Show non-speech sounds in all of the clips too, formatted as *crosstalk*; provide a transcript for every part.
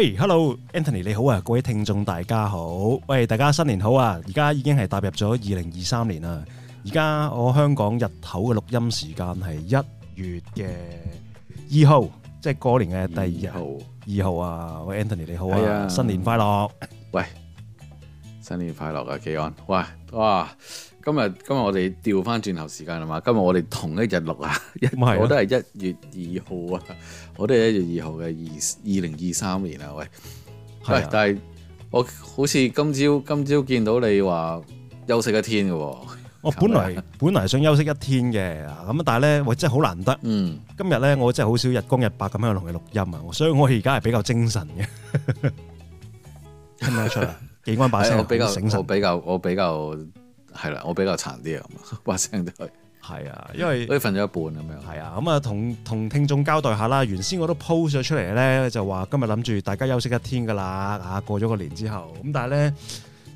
喂，Hello，Anthony 你好啊，各位聽眾大家好，喂，大家新年好啊，而家已經係踏入咗二零二三年啦，而家我香港日頭嘅錄音時間係一月嘅二號，即係過年嘅第二日二號啊，喂，Anthony 你好啊，新年快樂，喂，新年快樂啊，基安，喂，哇！今日今日我哋調翻轉頭時間啦嘛，今日我哋同一日錄 *laughs* 一是啊我日，我都係一月二號啊，我都係一月二號嘅二二零二三年啊，喂，喂是、啊，但係我好似今朝今朝見到你話休息一天嘅，我、哦、天本來本來想休息一天嘅，咁但係咧，喂，真係好難得，嗯今呢，今日咧我真係好少日光日白咁樣同你錄音啊，所以我而家係比較精神嘅，係 *laughs* 咪出嚟幾關把聲比較，我比較，我比較。係啦，我比較殘啲啊，話聲都去。係啊，因為都瞓咗一半咁樣。係啊，咁啊同同聽眾交代下啦。原先我都 post 咗出嚟咧，就話今日諗住大家休息一天噶啦。啊，過咗個年之後，咁但係咧，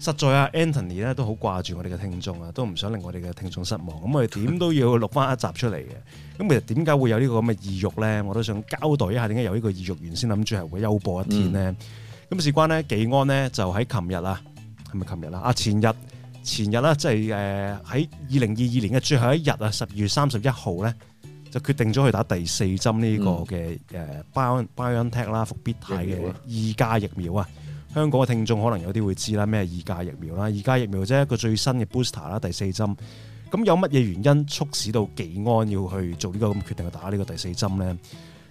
實在啊，Anthony 咧都好掛住我哋嘅聽眾啊，都唔想令我哋嘅聽眾失望。咁我哋點都要錄翻一集出嚟嘅。咁其實點解會有呢個咁嘅意欲咧？我都想交代一下點解有呢個意欲。原先諗住係會休播一天咧。咁事關呢，紀安呢，就喺琴日啊，係咪琴日啦？啊前日。前日啦，即係誒喺二零二二年嘅最後一日啊，十二月三十一號咧，就決定咗去打第四針呢個嘅誒巴恩巴恩特啦，復必泰嘅二價疫苗啊！香港嘅聽眾可能有啲會知啦，咩二價疫苗啦，二價疫苗即係一個最新嘅 booster 啦，第四針。咁有乜嘢原因促使到紀安要去做呢、呢個咁決定去打呢個第四針咧？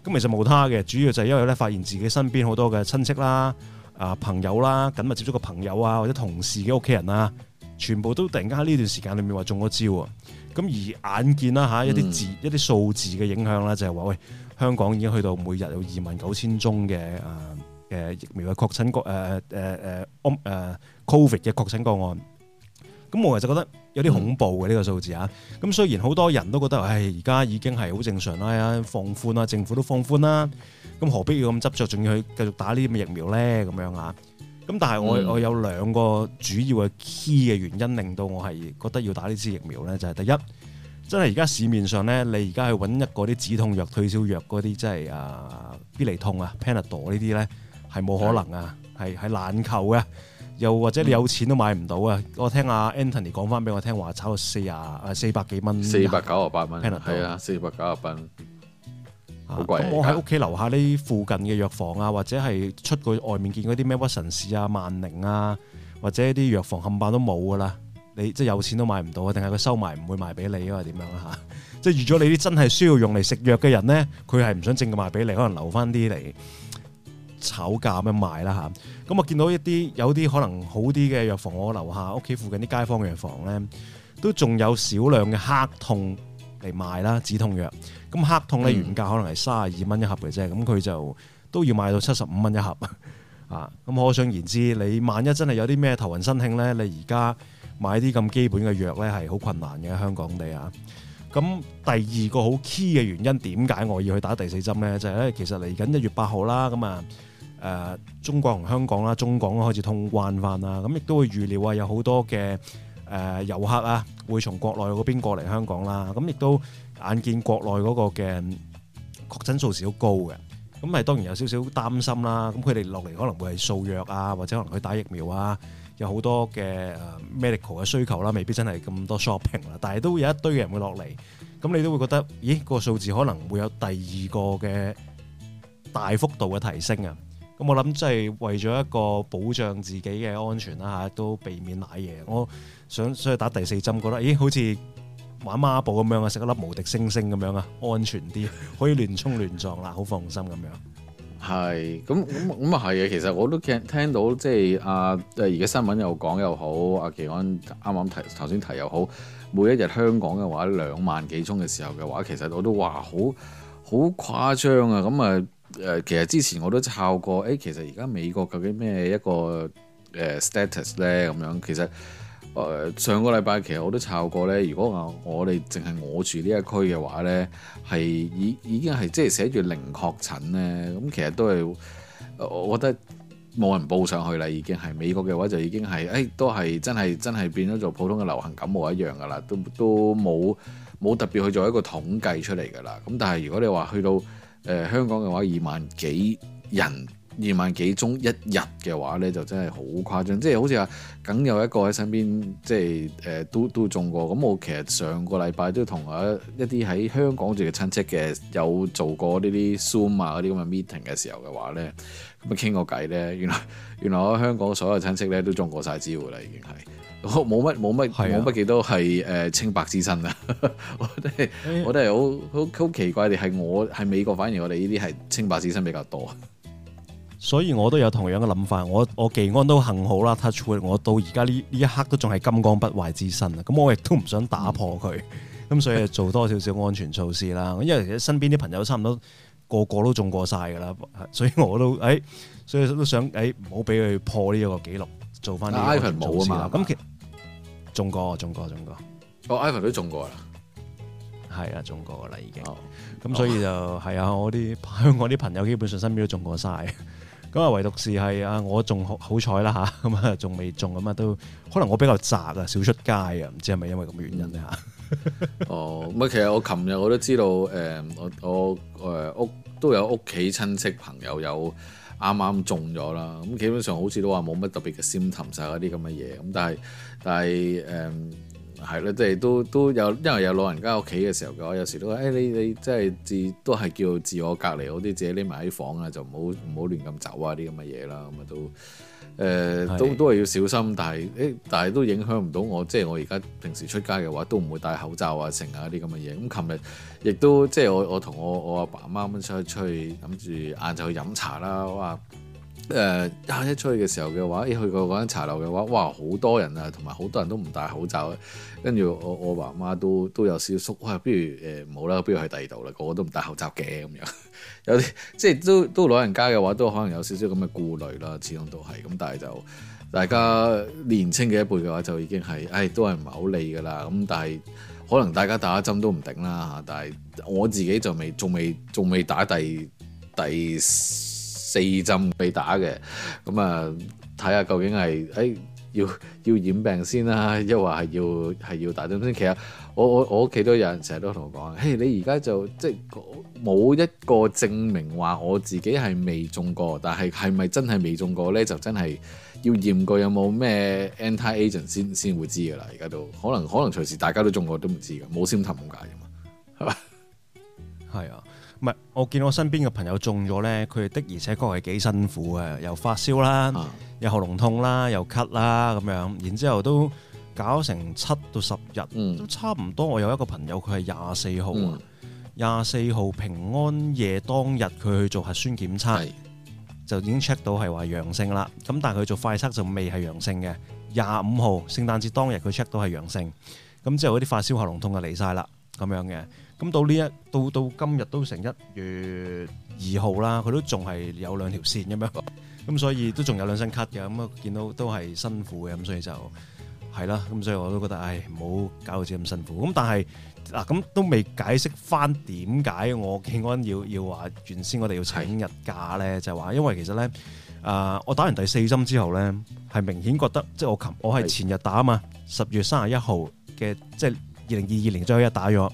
咁其實冇他嘅，主要就係因為咧，發現自己身邊好多嘅親戚啦、啊朋友啦，緊密接觸個朋友啊或者同事嘅屋企人啦。全部都突然間喺呢段時間裏面話中咗招啊！咁而眼見啦嚇一啲字一啲數字嘅影響啦、就係，就係話喂，香港已經去到每日有二萬九千宗嘅誒誒疫苗嘅確診個誒誒誒 o Covid 嘅確診個案。咁我其實覺得有啲恐怖嘅呢、嗯、個數字啊！咁雖然好多人都覺得，唉、哎，而家已經係好正常啦、哎，放寬啦，政府都放寬啦，咁何必要咁執着，仲要去繼續打呢啲咁疫苗咧？咁樣啊？咁但係我我，我有兩個主要嘅 key 嘅原因令到我係覺得要打呢支疫苗咧，就係、是、第一，真係而家市面上咧，你而家去揾一個啲止痛藥、退燒藥嗰啲，即係啊必理痛啊 Panadol 呢啲咧，係冇可能啊，係係對難求嘅，又或者你有錢都買唔到啊！嗯、我聽阿、啊、Anthony 講翻俾我聽話，炒到四啊四百幾蚊，四百九十八蚊，Panadol 啊，四百九十八。咁我喺屋企樓下呢附近嘅藥房啊，或者係出個外面見嗰啲咩屈臣氏啊、萬寧啊，或者啲藥房冚唪唥都冇噶啦，你即係有錢都買唔到啊？定係佢收埋唔會賣俾你，或點樣啦吓？即係預咗你啲真係需要用嚟食藥嘅人咧，佢係唔想正價賣俾你，可能留翻啲嚟炒價咁樣賣啦吓。咁、啊、我見到一啲有啲可能好啲嘅藥房，我樓下屋企附近啲街坊藥房咧，都仲有少量嘅黑痛嚟賣啦止痛藥。咁黑痛咧原價可能係三十二蚊一盒嘅啫，咁佢就都要賣到七十五蚊一盒啊！咁可想而知，你萬一真係有啲咩頭暈身慶咧，你而家買啲咁基本嘅藥咧係好困難嘅香港地啊！咁第二個好 key 嘅原因點解我要去打第四針咧？就係咧，其實嚟緊一月八號啦，咁啊誒中國同香港啦，中港開始通關翻啦，咁亦都會預料啊有好多嘅誒遊客啊會從國內嗰邊過嚟香港啦，咁亦都，眼見國內嗰個嘅確診數字好高嘅，咁係當然有少少擔心啦。咁佢哋落嚟可能會係掃藥啊，或者可能去打疫苗啊，有好多嘅、呃、medical 嘅需求啦，未必真係咁多 shopping 啦。但係都有一堆嘅人會落嚟，咁你都會覺得，咦，個數字可能會有第二個嘅大幅度嘅提升啊！咁我諗即係為咗一個保障自己嘅安全啦、啊、嚇，都避免買嘢。我想所以打第四針，覺得咦，好似～玩孖寶咁樣啊，食一粒無敵星星咁樣啊，安全啲，可以亂衝亂撞啦，好放心咁樣。係，咁咁咁啊係啊，其實我都聽聽到即係阿誒而家新聞又講又好，阿、啊、奇安啱啱提頭先提又好，每一日香港嘅話兩萬幾宗嘅時候嘅話，其實我都話好好誇張啊。咁啊誒，其實之前我都炒過，誒、欸、其實而家美國究竟咩一個誒、啊、status 咧？咁樣其實。誒、呃、上個禮拜其實我都查過咧，如果我我哋淨係我住一區呢一區嘅話咧，係已已經係即係寫住零確診咧，咁其實都係我覺得冇人報上去啦，已經係美國嘅話就已經係，誒、哎、都係真係真係變咗做普通嘅流行感冒一樣噶啦，都都冇冇特別去做一個統計出嚟噶啦。咁但係如果你話去到誒、呃、香港嘅話，二萬幾人。二萬幾宗一日嘅話咧，就真係好誇張，即係好似啊，梗有一個喺身邊，即係誒、呃、都都中過咁。我其實上個禮拜都同啊一啲喺香港住嘅親戚嘅有做過呢啲 zoom 啊嗰啲咁嘅 meeting 嘅時候嘅話咧，咁啊傾個偈咧，原來原來我香港所有親戚咧都中過晒招啦，已經係我冇乜冇乜冇乜幾多係誒清白之身啊！ *laughs* 我都係是、哎、呀我都係好好好奇怪嘅，係我喺美國，反而我哋呢啲係清白之身比較多。所以我都有同樣嘅諗法，我我技安都幸好啦，touch wood 我到而家呢呢一刻都仲係金剛不壞之身啊！咁我亦都唔想打破佢，咁、嗯、所以做多少少安全措施啦。 *laughs* 因為身邊啲朋友差唔多個個都中過晒噶啦，所以我都誒，所以都想誒，唔好俾佢破呢個記錄，做翻呢個措施啦。咁其實中過，中過，中過，我 Ivan 都中過啦，係啊，中過噶啦已經，咁、oh. 所以就係啊，我啲香港啲朋友基本上身邊都中過晒。咁啊，唯獨是係啊，我仲好彩啦嚇，咁啊仲未中。咁啊，都可能我比較宅啊，少出街啊，唔知係咪因為咁嘅原因咧嚇。嗯、 *laughs* 哦，唔係，其實我琴日我都知道，誒、呃，我我誒屋、呃、都有屋企親戚朋友有啱啱中咗啦，咁基本上好似都話冇乜特別嘅心氹晒嗰啲咁嘅嘢，咁但係但係誒。呃係啦，即係都都有，因為有老人家屋企嘅時候嘅話，有時都話，誒、哎、你你即係自都係叫自我隔離，好啲自己匿埋喺房啊，就唔好亂咁走啊啲咁嘅嘢啦，咁啊都誒、呃、的都都係要小心，但係誒但係都影響唔到我，即係我而家平時出街嘅話都唔會戴口罩啊成啊啲咁嘅嘢。咁琴日亦都即係我我同我我阿爸阿媽咁出去出去諗住晏晝去飲茶啦，哇！誒、呃、一出去嘅時候嘅話，一去過嗰間茶樓嘅話，哇，好多人啊，同埋好多人都唔戴口罩。跟住我我爸媽都都有少少縮，哇、哎，不如誒唔好啦，不如去第二度啦，個個都唔戴口罩嘅咁樣。有啲即係都都，都老人家嘅話，都可能有少少咁嘅顧慮啦，始終都係咁。但係就大家年輕嘅一輩嘅話，就已經係誒、哎、都係唔係好理噶啦。咁但係可能大家打針都唔定啦嚇。但係我自己就未，仲未，仲未，未打第第。四針被打嘅，咁啊睇下究竟係誒要要染病先啦，啊，抑或係要係要打，啊。咁先其實我我我屋企都有人成日都同我講，嘿你而家就即係冇一個證明話我自己係未中過，但係係咪真係未中過呢？就真係要驗過有冇咩 anti agent 先先會知噶啦。而家都可能可能隨時大家都中過都唔知嘅，冇先探點解嘅嘛，係嘛？係啊。 *laughs* 我見我身邊嘅朋友中咗呢，佢的而且確係幾辛苦嘅，又發燒啦，uh. 又喉嚨痛啦，又咳啦咁樣，然之後都搞成七到十日，都、mm. 差唔多。我有一個朋友，佢係廿四號啊，廿四號平安夜當日佢去做核酸檢測，mm. 就已經 check 到係話陽性啦。咁但係佢做快測就未係陽性嘅。廿五號聖誕節當日佢 check 到係陽性，咁之後嗰啲發燒、喉嚨痛就嚟晒啦，咁樣嘅。咁到呢一到到今日都成一月二號啦，佢都仲係有兩條線咁樣，咁所以都仲有兩身卡嘅。咁啊，見到都係辛苦嘅，咁所以就係啦。咁所以我都覺得，唉，唔好搞到自己咁辛苦。咁但係嗱，咁都未解釋翻點解我竟安要要話原先我哋要請日假咧，就係話因為其實咧，誒，我打完第四針之後咧，係明顯覺得即係我琴我係前日打啊嘛，十月三十一號嘅，即係二零二二年最後一日打咗。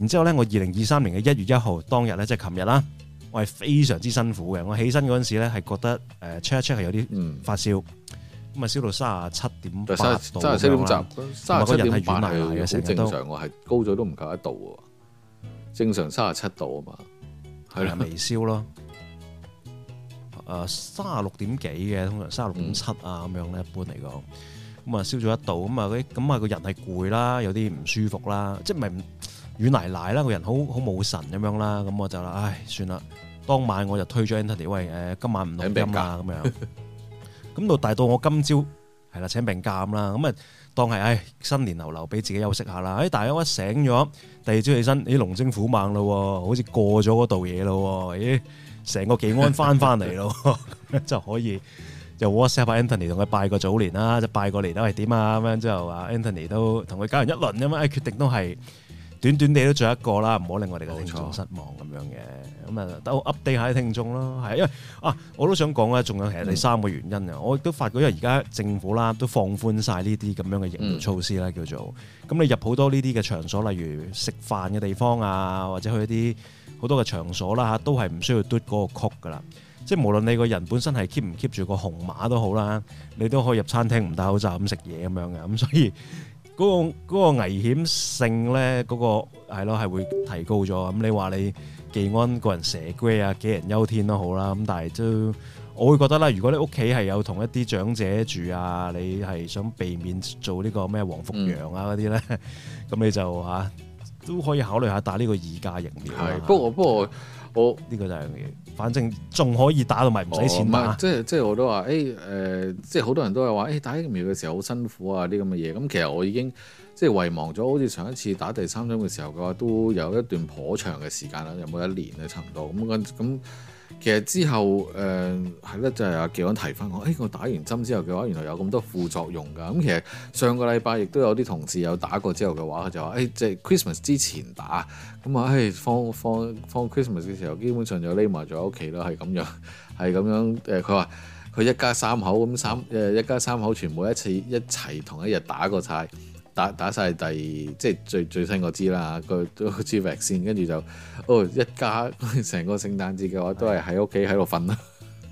然之後咧，我二零二三年嘅一月一號當日咧，即係琴日啦，我係非常之辛苦嘅。我起身嗰陣時咧，係覺得誒 check 一 check 係有啲發燒，咁啊燒到三十七點三十七點八，三十七點八係好正常，我係高咗都唔夠一度喎。正常三十七度啊嘛，係啦，微、嗯、燒咯。誒三十六點幾嘅，通常三十六點七啊咁樣咧，一般嚟講，咁啊、嗯、燒咗一度，咁啊咁啊個人係攰啦，有啲唔舒服啦，即係明。就是阮奶奶啦，個人好好冇神咁樣啦，咁我就啦，唉，算啦。當晚我就推咗 Anthony 喂，誒今晚唔錄音啊，咁樣。咁到大到我今朝係啦請病假咁啦，咁啊當係唉新年流流俾自己休息下啦。誒，但係我一醒咗第二朝起身，咦，龍精虎猛咯，好似過咗嗰度嘢咯，咦，成個幾安翻翻嚟咯，就可以就 WhatsApp 下 Anthony 同佢拜個早年啦，就拜個年啦，喂，點啊咁樣，之後話 Anthony 都同佢交流一輪咁啊，決定都係。短短你都做一個啦，唔好令我哋嘅聽眾失望咁錯樣嘅，咁啊都 update 下啲聽眾咯，係因為啊，我都想講咧，仲有其實第三個原因啊，嗯、我亦都發覺，因為而家政府啦都放寬晒呢啲咁樣嘅營業措施啦，嗯、叫做咁你入好多呢啲嘅場所，例如食飯嘅地方啊，或者去一啲好多嘅場所啦嚇，都係唔需要嘟嗰個 cur 㗎啦，即係無論你個人本身係 keep 唔 keep 住個紅碼都好啦，你都可以入餐廳唔戴口罩咁食嘢咁樣嘅，咁所以。嗰、那個那個危險性咧，嗰、那個係咯，係會提高咗。咁、嗯、你話你寄安個人社羣啊，杞人憂天都好啦。咁但係都，我會覺得啦，如果你屋企係有同一啲長者住啊，你係想避免做呢個咩黃復陽啊嗰啲咧，咁、嗯、 *laughs* 你就嚇、啊、都可以考慮下打呢個二價疫苗。係，不過不過我呢個就係反正仲可以打到埋唔使錢嘛、嗯嗯，即係即係我都話，誒、欸、誒、呃，即係好多人都係話，誒、欸、打疫苗嘅時候好辛苦啊，啲咁嘅嘢，咁其實我已經即係遺忘咗，好似上一次打第三針嘅時候嘅話，都有一段頗長嘅時間啦，有冇一年啊？差唔多咁咁。嗯嗯嗯。其實之後，誒係咧，就係阿健安提翻我，誒、欸、我打完針之後嘅話，原來有咁多副作用㗎。咁其實上個禮拜亦都有啲同事有打過之後嘅話，佢就話誒即、欸、係、就是、Christmas 之前打，咁啊誒放放放 Christmas 嘅時候，基本上就匿埋咗屋企啦，係咁樣，係咁樣。誒佢話佢一家三口咁三，誒一家三口全部一次一齊同一日打過晒。打打曬第二即係最最新支啦，佢都好似先，跟住就哦、oh, 一家成個聖誕節嘅話都係喺屋企喺度瞓咯，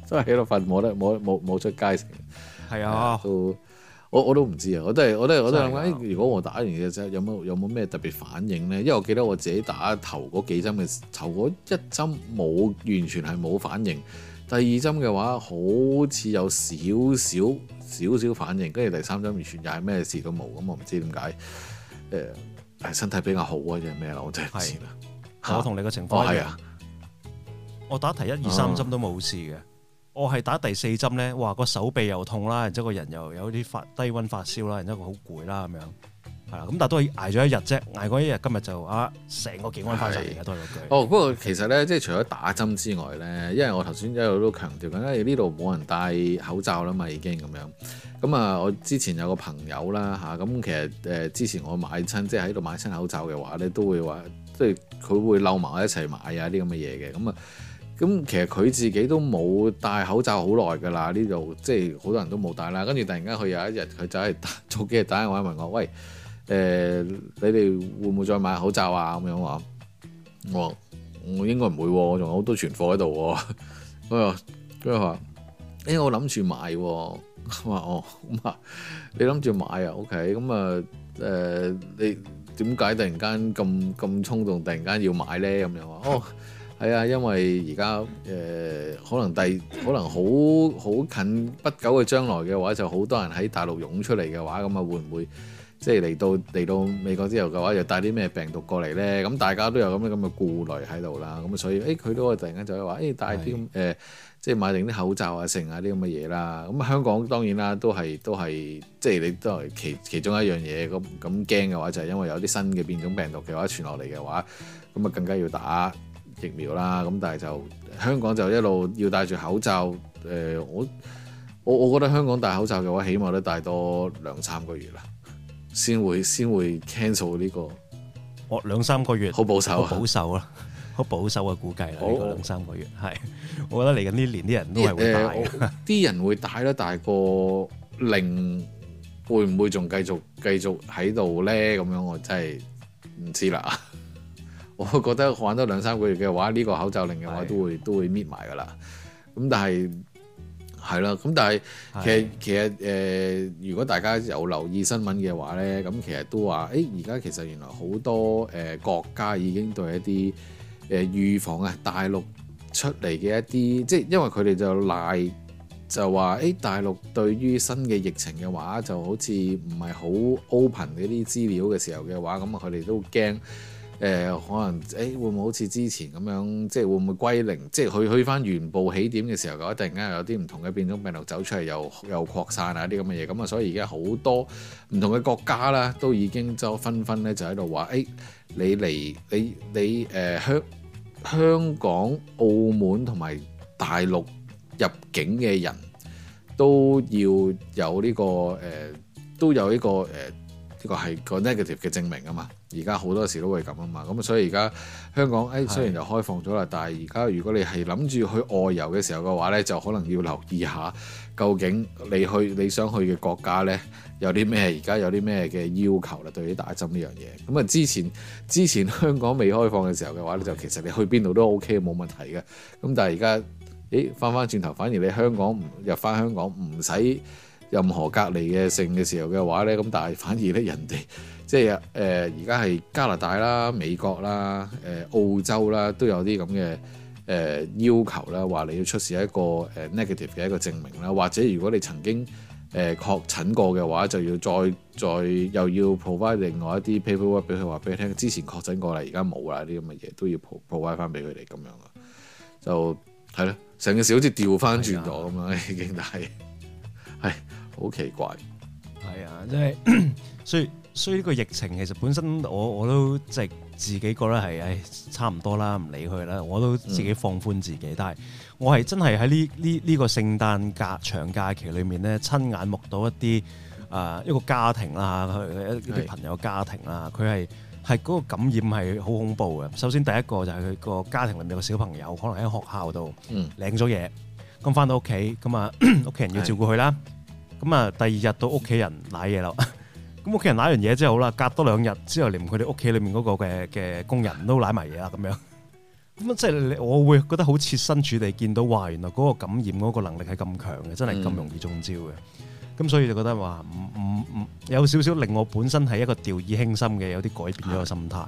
都係喺度瞓，冇得冇冇冇出街成。係啊，都我我都唔知啊，我都係我都係我都諗緊，如果我打完嘅之後有冇有冇咩特別反應咧？因為我記得我自己打頭嗰幾針嘅，頭嗰一針冇完全係冇反應，第二針嘅話好似有少少。少少反應，跟住第三針完全又係咩事都冇咁、嗯，我唔知點解。誒、呃，係身體比較好啊，定係咩咧？我真係唔知啦。我同你個情況、啊，是哦啊、我打第一二三針都冇事嘅，我係打第四針咧，話個手臂又痛啦，然之後個人又有啲發低溫發燒啦，然之後好攰啦咁樣。係啊，咁 *music* 但係都係挨咗一日啫，挨過一日今日就啊，成個健安翻上嚟都係嗰句。哦，oh, 不過其實咧，即係除咗打針之外咧，因為我頭先一路都強調緊咧，呢度冇人戴口罩啦嘛，已經咁樣。咁啊，我之前有個朋友啦嚇，咁、啊、其實誒之前我買親，即係喺度買親口罩嘅話咧，都會話，即係佢會摟埋我一齊買啊啲咁嘅嘢嘅。咁啊，咁其實佢自己都冇戴口罩好耐㗎啦，呢度即係好多人都冇戴啦。跟住突然間佢有一日，佢就係早幾日打電話問我喂。誒、呃，你哋會唔會再買口罩啊？咁樣話，我、嗯、我應該唔會喎、啊。我仲有好多存貨喺度。佢話：佢話，因為我諗住買喎。咁啊，哦 *laughs* 咁、欸、啊， *laughs* 哦、你諗住買啊？OK，咁啊，誒、呃，你點解突然間咁咁衝動，突然間要買咧？咁樣話，哦，係啊，因為而家誒，可能第可能好好近不久嘅將來嘅話，就好多人喺大陸湧出嚟嘅話，咁啊會唔會？即係嚟到嚟到美國之後嘅話，又帶啲咩病毒過嚟呢？咁大家都有咁樣咁嘅顧慮喺度啦。咁所以誒，佢、欸、都係突然間就係話誒帶啲誒，即係買定啲口罩啊，剩啊啲咁嘅嘢啦。咁、嗯、香港當然啦，都係都係即係你都係其其中一樣嘢咁咁驚嘅話，就係、是、因為有啲新嘅變種病毒嘅話傳落嚟嘅話，咁啊更加要打疫苗啦。咁、嗯、但係就香港就一路要戴住口罩誒、呃，我我我覺得香港戴口罩嘅話，起碼都戴多兩三個月啦。先會先會 cancel 呢個，哦，我兩三個月好保守， *laughs* 保守啦，好保守嘅估計啦，呢好個兩三個月係，哦，我覺得嚟緊呢年啲人都係會帶，呃、啲、呃、 *laughs* 人會帶得，但係個令會唔會仲繼續繼續喺度咧？咁樣我真係唔知啦。 *laughs* 我覺得玩多兩三個月嘅話，呢、這個口罩令嘅話都會是的 都會搣埋噶啦。咁但係。係啦，咁但係其實其實誒、呃，如果大家有留意新聞嘅話呢，咁其實都話，誒而家其實原來好多誒、呃、國家已經對一啲誒、呃、預防啊大陸出嚟嘅一啲，即係因為佢哋就賴就話，誒、欸、大陸對於新嘅疫情嘅話，就好似唔係好 open 呢啲資料嘅時候嘅話，咁佢哋都驚。誒、呃、可能誒、欸、會唔會好似之前咁樣，即係會唔會歸零？即係去去翻原部起點嘅時候，嗰一突然間有啲唔同嘅變種病毒走出嚟，又又擴散啊啲咁嘅嘢。咁啊，所以而家好多唔同嘅國家啦，都已經就紛紛咧就喺度話：誒、欸，你嚟你你誒香、呃、香港、澳門同埋大陸入境嘅人都要有呢、呢個誒、呃，都有呢個誒。呃呢個係個 negative 嘅證明啊嘛，而家好多時都會咁啊嘛，咁所以而家香港誒、哎、雖然就開放咗啦，的但係而家如果你係諗住去外遊嘅時候嘅話呢，就可能要留意下究竟你去你想去嘅國家呢，有啲咩，而家有啲咩嘅要求啦，對你打針呢樣嘢。咁啊之前之前香港未開放嘅時候嘅話呢，就其實你去邊度都 OK 冇問題嘅。咁但係而家咦翻翻轉頭，反而你香港唔入翻香港唔使。任何隔離嘅性嘅時候嘅話咧，咁但係反而咧人哋即係誒而家係加拿大啦、美國啦、誒、呃、澳洲啦都有啲咁嘅誒要求啦，話你要出示一個誒、呃、negative 嘅一個證明啦，或者如果你曾經誒、呃、確診過嘅話，就要再再又要 provide 另外一啲 paperwork 俾佢話俾佢聽，之前確診過啦，而家冇啦啲咁嘅嘢都要 provide 翻俾佢哋咁樣咯，就係咯成件事好似調翻轉咗咁樣已經的， *laughs* 但係係。好奇怪，係啊，即、就、係、是， *coughs* 所以所以呢個疫情其實本身我我都即係自己覺得係，誒，差唔多啦，唔理佢啦，我都自己放寬自己。嗯、但係我係真係喺呢呢呢個聖誕假長假期裏面咧，親眼目睹一啲誒、呃、一個家庭啦，佢一啲朋友家庭啦，佢係係嗰個感染係好恐怖嘅。首先第一個就係佢個家庭裏面有個小朋友可能喺學校度、嗯、領咗嘢，咁翻到屋企，咁啊屋企人要照顧佢啦。是咁啊！第二日到屋企人舐嘢啦。咁屋企人舐完嘢之後，好啦，隔多兩日之後，連佢哋屋企裏面嗰個嘅嘅工人都舐埋嘢啦。咁樣咁啊，即係我會覺得好切身處地見到，哇！原來嗰個感染嗰個能力係咁強嘅，真係咁容易中招嘅。咁所以就覺得話唔唔唔有少少令我本身係一個掉以輕心嘅，有啲改變咗個心態。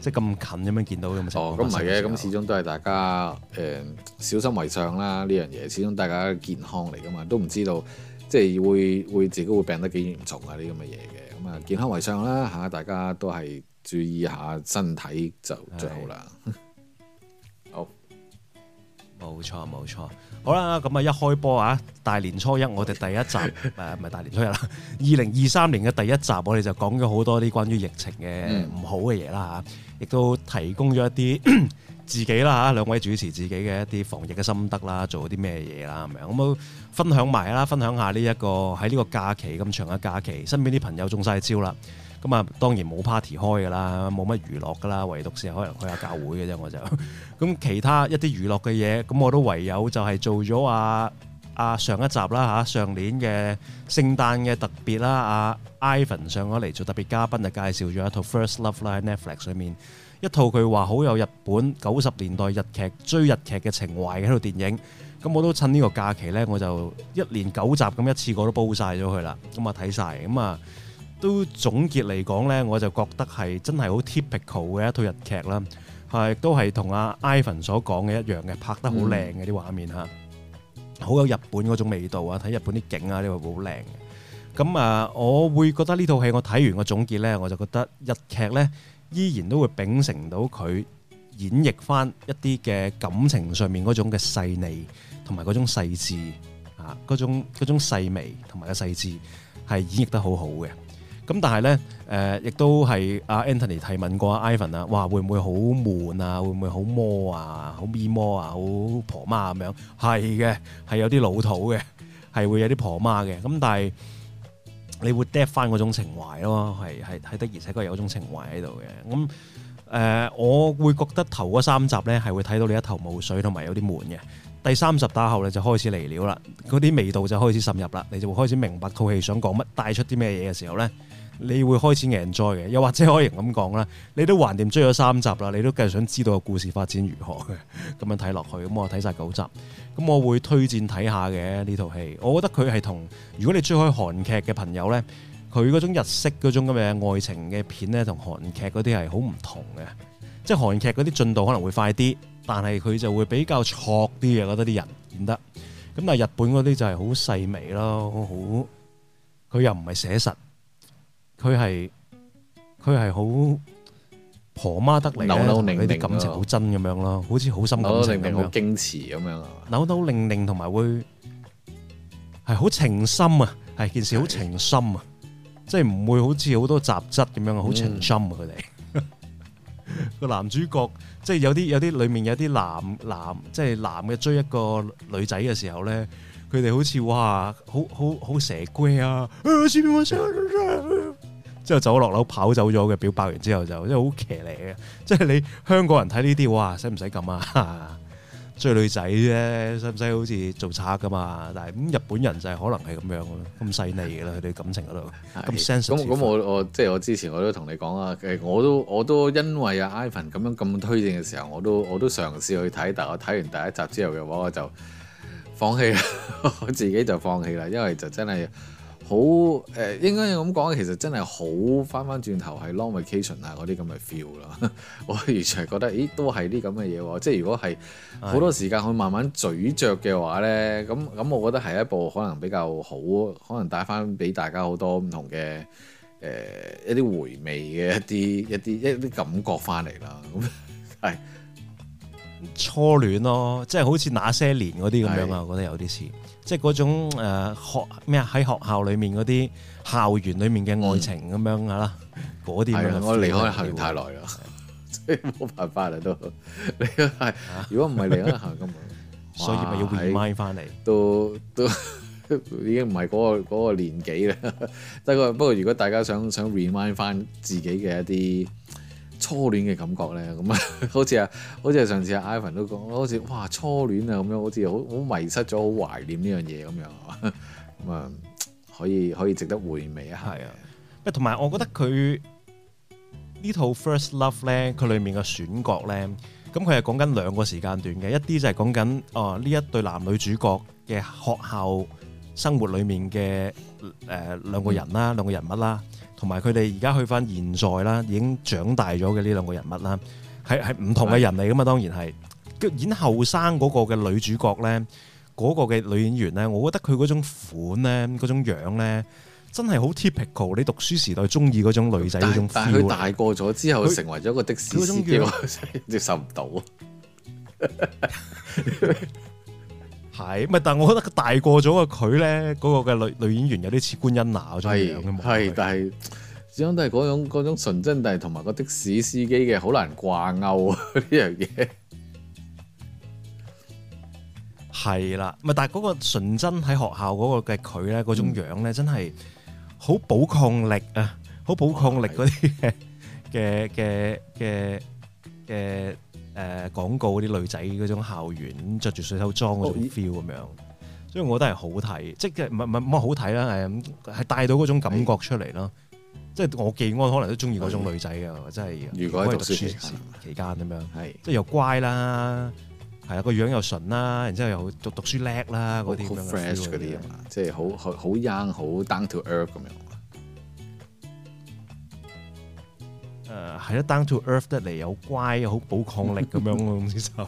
即係咁近咁樣見到咁啊！哦，咁唔係嘅，咁始終都係大家誒小心為上啦。呢樣嘢始終大家健康嚟噶嘛，都唔知道。即係會會自己會病得幾嚴重啊？呢啲咁嘅嘢嘅，咁啊健康為上啦嚇，大家都係注意下身體就最好啦。是好，冇錯冇錯。好啦，咁啊一開波啊，大年初一我哋第一集唔係唔係大年初一啦，二零二三年嘅第一集我哋就講咗好多啲關於疫情嘅唔好嘅嘢啦嚇，亦、嗯、都提供咗一啲。 *coughs* 自己啦嚇，兩位主持自己嘅一啲防疫嘅心得啦，做咗啲咩嘢啦咁樣，咁啊、嗯、分享埋啦，分享下呢、這、一個喺呢個假期咁長嘅假期，身邊啲朋友中晒招、嗯、啦，咁啊當然冇 party 開嘅啦，冇乜娛樂嘅啦，唯獨是可能去下教會嘅啫，我就咁、 *laughs* 嗯、其他一啲娛樂嘅嘢，咁我都唯有就係做咗啊。阿、啊、上一集啦嚇、啊，上年嘅聖誕嘅特別啦，阿、啊、Ivan 上咗嚟做特別嘉賓，就介紹咗一套 First Love 啦 Netflix 裏面。一套佢話好有日本九十年代日劇追日劇嘅情懷嘅一套電影，咁我都趁呢個假期呢，我就一連九集咁一次過都煲晒咗佢啦，咁啊睇晒，咁啊都總結嚟講呢，我就覺得係真係好 typical 嘅一套日劇啦，係都係同阿 Ivan 所講嘅一樣嘅，拍得好靚嘅啲畫面吓，好有日本嗰種味道啊，睇日本啲景啊，呢個好靚嘅，咁啊我會覺得呢套戲我睇完個總結呢，我就覺得日劇呢。依然都會秉承到佢演繹翻一啲嘅感情上面嗰種嘅細膩同埋嗰種細緻啊，嗰種嗰種細微同埋個細緻係演繹得好好嘅。咁但係咧，誒、呃、亦都係阿 Anthony 提問過阿 Ivan 啊，「哇會唔會好悶啊？會唔會好魔啊？好咪魔啊？好婆媽咁、啊、樣？係嘅，係有啲老土嘅，係會有啲婆媽嘅。咁但係。你會嗒翻嗰種情懷咯，係係係，的而且確有種情懷喺度嘅。咁、嗯、誒、呃，我會覺得頭嗰三集呢，係會睇到你一頭霧水同埋有啲悶嘅。第三集打後咧，就開始嚟了啦，嗰啲味道就開始滲入啦，你就會開始明白套戲想講乜，帶出啲咩嘢嘅時候呢。你會開始 enjoy 嘅，又或者可以咁講啦。你都橫掂追咗三集啦，你都繼續想知道個故事發展如何嘅咁樣睇落去。咁我睇晒九集，咁我會推薦睇下嘅呢套戲。我覺得佢係同如果你追開韓劇嘅朋友呢，佢嗰種日式嗰種咁嘅愛情嘅片呢，同韓劇嗰啲係好唔同嘅。即係韓劇嗰啲進度可能會快啲，但係佢就會比較錯啲嘅。覺得啲人唔得咁啊。但日本嗰啲就係好細微咯，好佢又唔係寫實。佢係佢係好婆媽得嚟啊，你啲感情好真咁樣咯，好似好深感情咁樣，好矜持咁樣，扭扭令令同埋會係好情深啊！係件事好情深啊！即係唔會好似好多雜質咁樣好情深啊！佢哋個男主角即係有啲有啲裏面有啲男男即係男嘅追一個女仔嘅時候咧，佢哋好似哇好好好蛇龜啊！之後走落樓跑走咗嘅表白完之後就，因為好騎呢嘅，即係你香港人睇呢啲哇，使唔使咁啊？追女仔啫，使唔使好似做賊噶嘛？但係咁日本人就係可能係咁樣咯，咁細膩嘅啦，佢哋感情嗰度。咁咁的我我即係我之前我都同你講啊，我都我都因為啊 Ivan 咁樣咁推薦嘅時候，我都我都嘗試去睇，但我睇完第一集之後嘅話，我就放棄， *laughs* 我自己就放棄啦，因為就真係。好誒、呃，應該咁講，其實真係好翻翻轉頭係 long vacation 啊，嗰啲咁嘅 feel 啦。我完全係覺得，咦，都係啲咁嘅嘢喎。即係如果係好多時間去慢慢咀嚼嘅話咧，咁咁的，我覺得係一部可能比較好，可能帶翻俾大家好多唔同嘅誒、呃、一啲回味嘅一啲一啲一啲感覺翻嚟啦。咁係初戀咯，即係好似那些年嗰啲咁樣啊，的我覺得有啲似。即係嗰種誒、呃、學咩啊？喺學校裏面嗰啲校園裏面嘅愛情咁樣啦，嗰啲咁樣。我離開校園太耐啦，即 *laughs* 係冇辦法啦都。你係如果唔係離開校園嘅嘛，所以咪要 remind 翻嚟。都都已經唔係嗰個嗰個年紀啦。 *laughs* 不過不過，如果大家想想 remind 翻自己嘅一啲初戀嘅感覺咧，咁啊，好似啊，好似上次阿 Ivan 都講，好似哇，初戀啊，咁樣，好似好好迷失咗，好懷念呢樣嘢咁樣，咁啊，可以可以值得回味啊。係啊，同埋，我覺得佢呢套 First Love 咧，佢裏面嘅選角咧，咁佢係講緊兩個時間段嘅，一啲就係講緊啊呢一對男女主角嘅學校生活裏面嘅誒兩個人啦，兩個人，嗯、兩個人物啦。同埋佢哋而家去翻現在啦，已經長大咗嘅呢兩個人物啦，係係唔同嘅人嚟噶嘛，當然係。佢演後生嗰個嘅女主角咧，嗰、嗰個嘅女演員咧，我覺得佢嗰種款咧，嗰種樣咧，真係好 typical 你讀書時代中意嗰種女仔。但係佢大個咗之後，成為咗個的士司機，種果 *laughs* 接受唔到啊！ *laughs* 係咪？但係我覺得大過咗嘅佢咧，嗰個嘅女女演員有啲似官恩娜嗰種樣嘅模樣。係，但係始終都係嗰種嗰種純真，但係同埋個的士司機嘅好難掛鈎啊！呢樣嘢係啦，咪但係嗰個純真喺學校嗰個嘅佢咧，嗰種樣咧真係好保抗力啊！好保抗力嗰啲嘅嘅嘅嘅嘅。誒、呃、廣告嗰啲女仔嗰種校園着住水手裝嗰種 feel 咁、哦、樣，所以我覺得係好睇，即係唔係唔係咁好睇啦。係咁係帶到嗰種感覺出嚟咯，即係的我記安可能都中意嗰種女仔嘅，即係如果讀書期間咁樣，係即係又乖啦，係啊，個樣又純啦，然之後又讀讀書叻啦嗰啲咁嘅啲即係好好 young 好、嗯、down to earth 咁樣。誒，係咯、啊、Down to Earth 得嚟有乖又好補抗力咁樣咯，咁啲就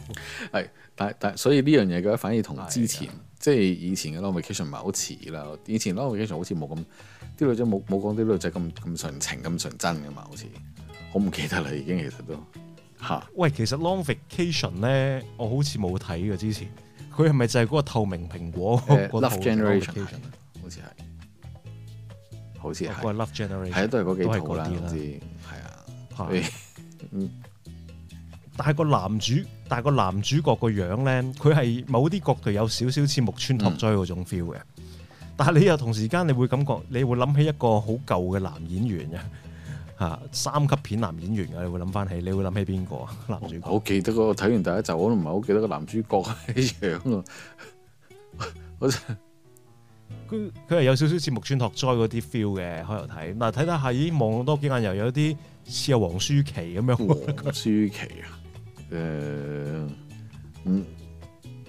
係，但係但所以呢樣嘢咧，反而同之前的即係以前嘅 Long Vacation 唔係好似啦，以前 Long Vacation 好似冇咁啲女仔冇冇講啲女仔咁咁純情咁純真嘅嘛，好似好唔記得啦，已經其實都吓。啊、喂，其實 Long Vacation 咧，我好似冇睇嘅之前，佢係咪就係嗰個透明蘋果、欸、個 Love Generation 好似係，好似係，係啊，都係嗰幾套啦，總之。 *laughs* 但係個男主，但係個男主角個樣咧，佢係某啲角度有少少似木村拓哉嗰種 feel 嘅。嗯、但係你又同時間，你會感覺你會諗起一個好舊嘅男演員嘅吓、啊、三級片男演員嘅，你會諗翻起，你會諗起邊個啊？男主角，好記得、嗰個，我睇完第一集，我都唔係好記得個男主角嘅樣啊。好佢佢係有少少似木村拓哉嗰啲 feel 嘅，開頭睇，嗱睇睇下，咦，望多幾眼又有啲。似阿黃舒淇咁樣，黃舒淇啊，誒、 *laughs* 嗯，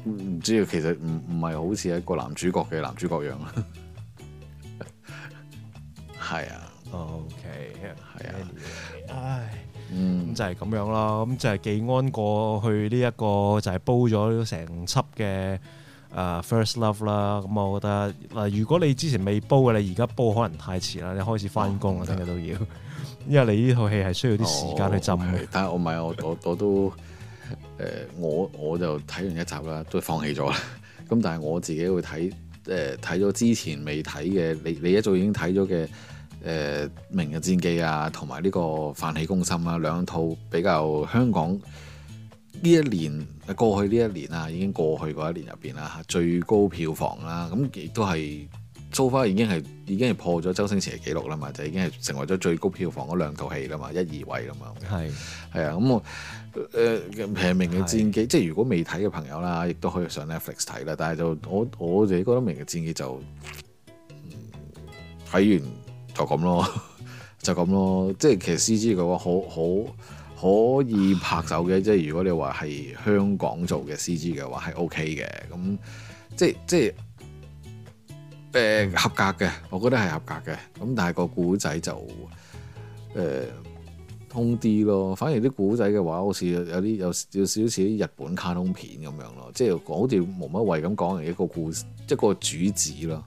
唔唔知啊，其實唔唔係好似一個男主角嘅男主角樣 *laughs* 啊。係啊，OK，係 okay, 啊，唉，咁唉、嗯、就係咁樣啦，咁就係紀安過去呢、這、一個就係、是、煲咗成輯嘅誒 First Love 啦，咁我覺得嗱，如果你之前未煲嘅，你而家煲可能太遲啦，你開始翻工啊，聽日都要。 *laughs* 因為你呢套戲係需要啲時間去浸佢，但係我唔係我我我，我都誒、呃、我我就睇完一集啦，都放棄咗啦。咁 *laughs* 但係我自己會睇誒睇咗之前未睇嘅，你你一早已經睇咗嘅誒《明日戰記》啊，同埋呢個《飯戲攻心》啊，兩套比較香港呢一,一年啊過去呢一年啊已經過去嗰一年入邊啦，最高票房啦，啊，咁亦都係。so far 已經係已經係破咗周星馳嘅記錄啦嘛，就已經係成為咗最高票房嗰兩套戲啦嘛，一二位啦嘛。係係是啊，咁我誒《明日嘅戰記》是，即係如果未睇嘅朋友啦，亦都可以上 Netflix 睇啦。但係就我我自己覺得《明日嘅戰記》就、嗯、睇完就咁咯， *laughs* 就咁咯。即係其實 CG 嘅話，好好，可以拍手嘅。是即係如果你話係香港做嘅 CG 嘅話，係 OK 嘅。咁即係即係。即誒、嗯、合格嘅，我覺得係合格嘅。咁但係個故仔就誒、呃、通啲咯。反而啲故仔嘅話，好似有啲有少少似啲日本卡通片咁樣咯，即係好似冇乜謂咁講嘅一個故事，即係個主旨咯。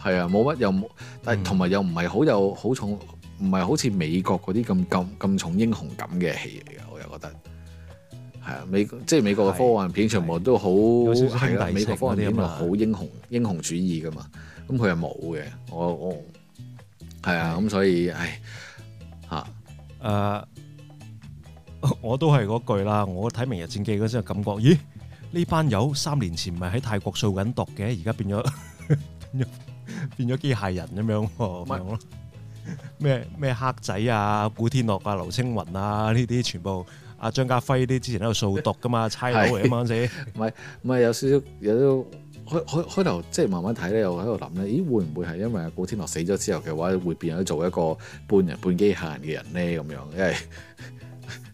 係 *laughs* 啊，冇乜又冇，但係同埋又唔係好有好重，唔係好似美國嗰啲咁咁咁重英雄感嘅戲嚟㗎。係啊，美即係美國嘅科幻片，全部都好兄弟、啊，美國科幻片，好英雄英雄主義噶嘛。咁佢又冇嘅，我我係啊。咁對所以，唉，吓誒、呃，我都係嗰句啦。我睇《明日戰記》嗰陣，感覺咦，呢班友三年前唔係喺泰國掃緊毒嘅，而家變咗 *laughs* 變咗變咗機械人咁樣。唔係咩咩黑仔啊，古天樂啊，劉青雲啊，呢啲全部。阿張家輝啲之前喺度掃毒噶嘛，差佬咁樣先，唔係唔係有少有少有啲開開開頭即係慢慢睇咧，我喺度諗咧，咦會唔會係因為古天樂死咗之後嘅話，會變咗做一個半人半機械人嘅人咧咁樣？因為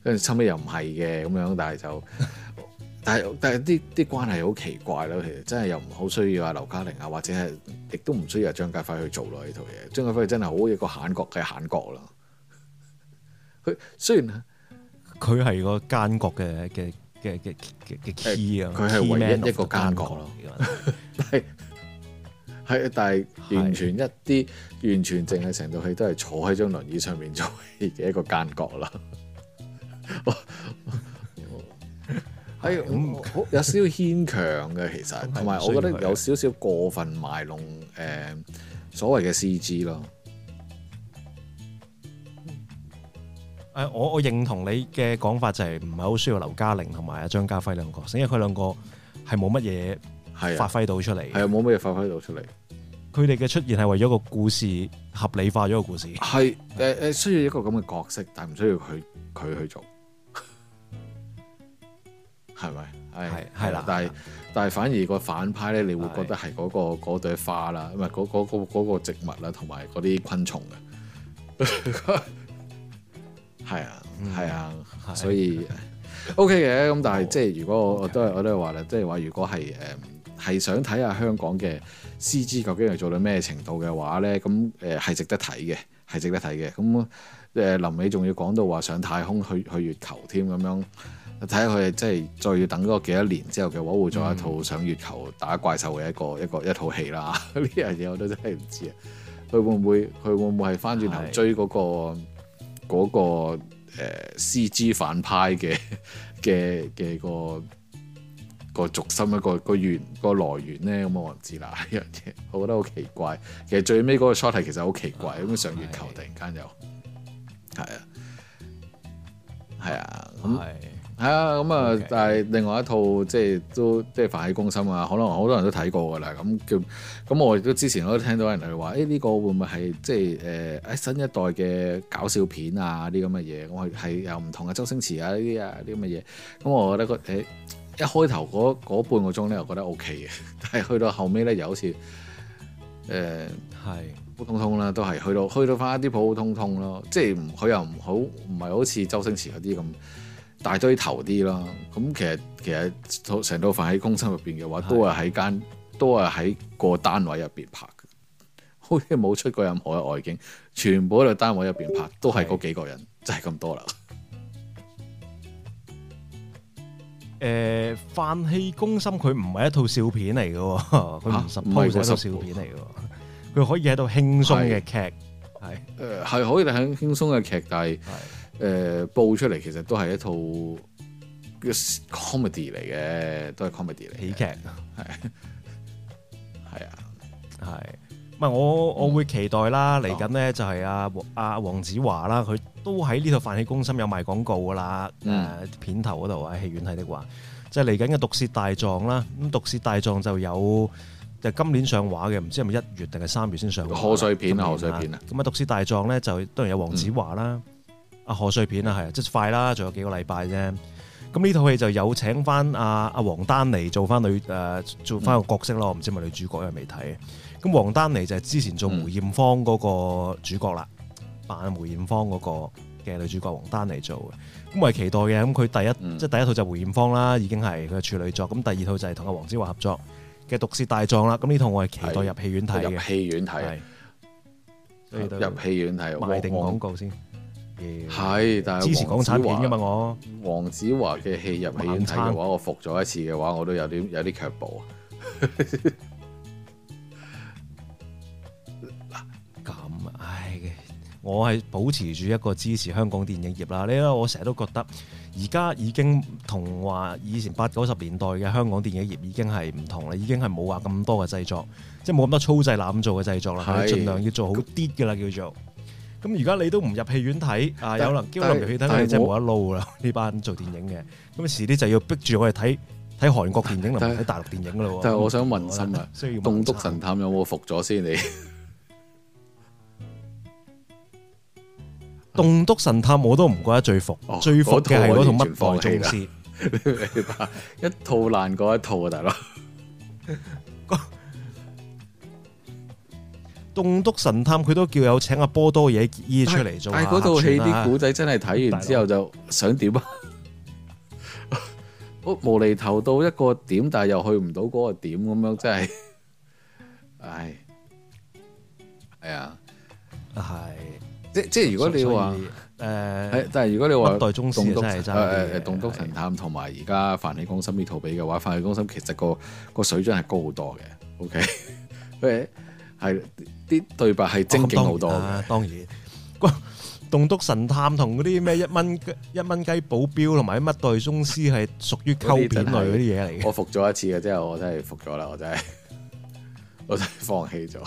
跟住差尾又唔係嘅咁樣，但係就但係但係啲啲關係好奇怪咯。其實真係又唔好需要阿劉嘉玲啊，或者係亦都唔需要阿張家輝去做咯呢套嘢。張家輝真係好一個閒角嘅閒角咯。佢雖然～佢係個奸角嘅嘅嘅嘅嘅 key 啊，佢係唯一一個奸角咯。係係，但係完全一啲，是的 完全淨係成套戲都係坐喺張輪椅上面做戲嘅一個奸角咯。係好有少少牽強嘅，其實同埋 *laughs* 跟 我覺得有少少過分賣弄誒、呃、所謂嘅 CG 咯。誒，我我認同你嘅講法，就係唔係好需要劉嘉玲同埋啊張家輝兩個，因為佢兩個係冇乜嘢發揮到出嚟，係冇乜嘢發揮到出嚟。佢哋嘅出現係為咗個故事合理化咗個故事，係誒誒需要一個咁嘅角色，但係唔需要佢佢去做，係 *laughs* 咪？係係啦，但係但係反而個反派咧，你會覺得係嗰、嗰個嗰朵花啦，唔係嗰嗰個植物啦，同埋嗰啲昆蟲啊。係啊，係啊，mm, 所以 OK 嘅。咁但係即係如果我都係我都係話咧，即係話如果係誒係想睇下香港嘅 CG 究竟係做到咩程度嘅話咧，咁誒係值得睇嘅，係值得睇嘅。咁誒、呃、臨尾仲要講到話上太空去去月球添，咁樣睇下佢即係再要等多幾多年之後嘅話，會唔會做一套上月球打怪獸嘅一個、mm. 一個一套戲啦？呢樣嘢我都真係唔知啊！佢會唔會佢會唔會係翻轉頭追嗰、嗰個？嗰、那個誒、uh, C G 反派嘅嘅嘅個個軸心一個個源個來源咧，咁我唔知啦呢樣嘢， *laughs* 我覺得好奇怪。其實最尾嗰個 shot 其實好奇怪，咁、啊、上月球突然間又係啊係啊咁。係啊，咁、嗯、啊，Okay. 但係另外一套即係都即係飯戲攻心啊，可能好多人都睇過㗎啦。咁叫咁，我亦都之前我都聽到人哋話，誒、欸、呢、這個會唔會係即係誒、呃、新一代嘅搞笑片啊啲咁嘅嘢？我係係又唔同嘅周星馳啊呢啲啊啲咁嘅嘢。咁我覺得誒一開頭嗰半個鐘咧，我覺得 O K 嘅，但係去到後尾咧，又好似誒係普通通啦，都係去到去到翻一啲普普通通咯，即係唔佢又唔好唔係好似周星馳嗰啲咁。大堆頭啲啦。咁其實其實成套《飯戲攻心》入邊嘅話，都係喺間，是的 都係喺個單位入邊拍嘅，好似冇出過任何嘅外景，全部喺度單位入邊拍，都係嗰幾個人，就係咁多啦、呃。誒，《飯戲攻心》佢唔係一套笑片嚟嘅，佢唔係一套笑片嚟嘅，佢可以喺度輕鬆嘅劇，係誒的，可以喺輕鬆嘅劇，劇，但係。誒播、呃、出嚟其實都係一套 comedy 嚟嘅，都係 comedy 嚟喜劇，係係啊，係咁啊，我我會期待啦。嚟緊呢就係阿阿黃子華啦，佢都喺呢度《飯戲攻心》有賣廣告噶啦。誒、嗯、片頭嗰度喺戲院睇的話，即係嚟緊嘅《毒舌大狀》啦。咁、嗯，《毒舌大狀》就有就今年上畫嘅，唔知係咪一月定係三月先上？賀歲片啊，賀歲片啊。咁啊，《毒舌大狀》呢咧就當然有黃子華啦。嗯阿賀歲片啦，係即係快啦，仲有幾個禮拜啫。咁呢套戲就有請翻阿阿王丹妮做翻女誒，嗯、做翻個角色咯。唔知係咪女主角又未睇。咁王丹妮就係之前做梅艷芳嗰個主角啦，嗯、扮梅艷芳嗰個嘅女主角王丹妮做嘅。咁我係期待嘅。咁佢第一、嗯、即係第一套就係梅艷芳啦，已經係佢嘅處女作。咁第二套就係同阿黃子華合作嘅《毒舌大狀》啦。咁呢套我係期待入戲院睇嘅。入戲院睇。入戲院睇。賣定廣告先。王係，yeah, 但係我支持港產片噶嘛我。黃子華嘅戲入戲院睇嘅話，差我服咗一次嘅話，我都有啲有啲卻步啊。咁， *laughs* 唉，我係保持住一個支持香港電影業啦。你睇，我成日都覺得而家已經同話以前八九十年代嘅香港電影業已經係唔同啦，已經係冇話咁多嘅製作，即係冇咁多粗製濫造嘅製作啦，係是盡量要做好啲噶啦叫做。咁而家你都唔入戲院睇，啊有能交流嘅戲睇，你真係冇得撈啦！呢班做電影嘅，咁咪遲啲就要逼住我哋睇睇韓國電影同埋睇大陸電影噶啦。但係我想問心啊，《棟篤神探》有冇服咗先？你《棟篤神探》我都唔覺得最服，最服嘅係嗰套乜放一套爛過一套啊，大佬。棟篤神探佢都叫有請阿波多野結衣出嚟做、啊。但係嗰套戲啲古仔真係睇完之後就想點啊？好哥 *laughs* 無厘頭到一個點，但係又去唔到嗰個點，咁樣真係，是唉，係啊，係即即係如果你話誒，啊、但係如果你話代宗師誒棟篤神探同埋而家《飯戲攻心》呢、啊、的套比嘅話，《飯戲攻心》其實個個水準係高好多嘅。O K，喂。係啲對白係精勁好多。當然，《棟篤神探》同嗰啲咩一蚊一蚊雞保鏢，同埋乜代宗師係屬於溝片類嗰啲嘢嚟嘅。我服咗一次嘅，之後我真係服咗啦，我真係我真係放棄咗。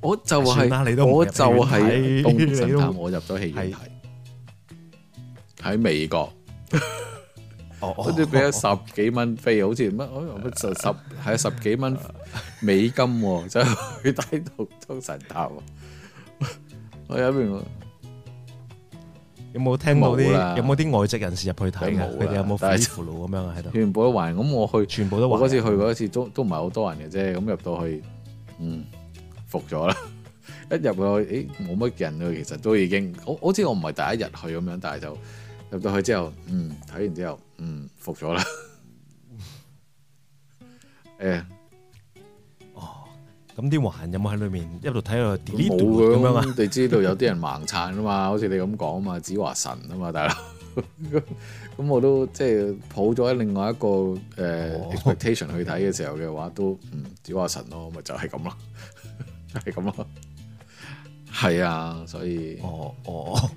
我就係我就係棟篤神探，我入咗戲院睇喺美國。好似俾咗十幾蚊飛，好似乜，十十係十幾蚊美金喎，走去睇《唐僧頭》。我有邊？有冇聽過啲？有冇啲外籍人士入去睇嘅？佢哋有冇飛葫蘆咁樣啊？喺度全部都還。咁我去，我嗰次去嗰次都都唔係好多人嘅啫。咁入到去，嗯，服咗啦。一入去，誒，冇乜人嘅，其實都已經。我我知，我唔係第一日去咁樣，但係就入到去之後，嗯，睇完之後。嗯，服咗啦。誒、 *laughs* 哎，哦，咁啲環有冇喺裏面？一路睇佢跌冇嘅，咁、啊、你哋知道有啲人盲撐啊嘛，好似你咁講啊嘛，子華神啊嘛，大佬。咁我都即係抱咗另外一個誒 expectation 去睇嘅時候嘅話，都嗯子華、哦 *laughs* 嗯、神咯，咪就係咁咯，就係咁咯，係 *laughs* 啊，所以哦哦。哦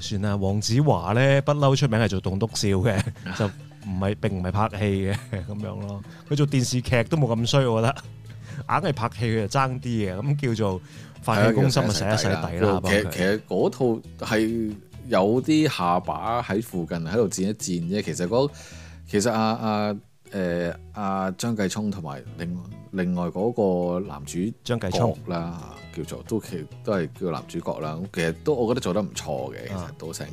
算啦，黃子華咧不嬲出名係做棟篤笑嘅， *laughs* *laughs* 就唔係，並唔係拍戲嘅咁樣咯。佢 *laughs* 做電視劇都冇咁衰，我覺得。硬係拍戲佢就爭啲嘅，咁叫做飯戲攻心啊，洗一洗底啦。其實嗰套係有啲下巴喺附近喺度戰一戰啫。其實嗰其實啊啊～啊誒，阿張繼聰同埋另另外嗰個男主張繼聰啦，叫做都其實都係叫男主角啦。咁其實都我覺得做得唔錯嘅，嗯、其實都成，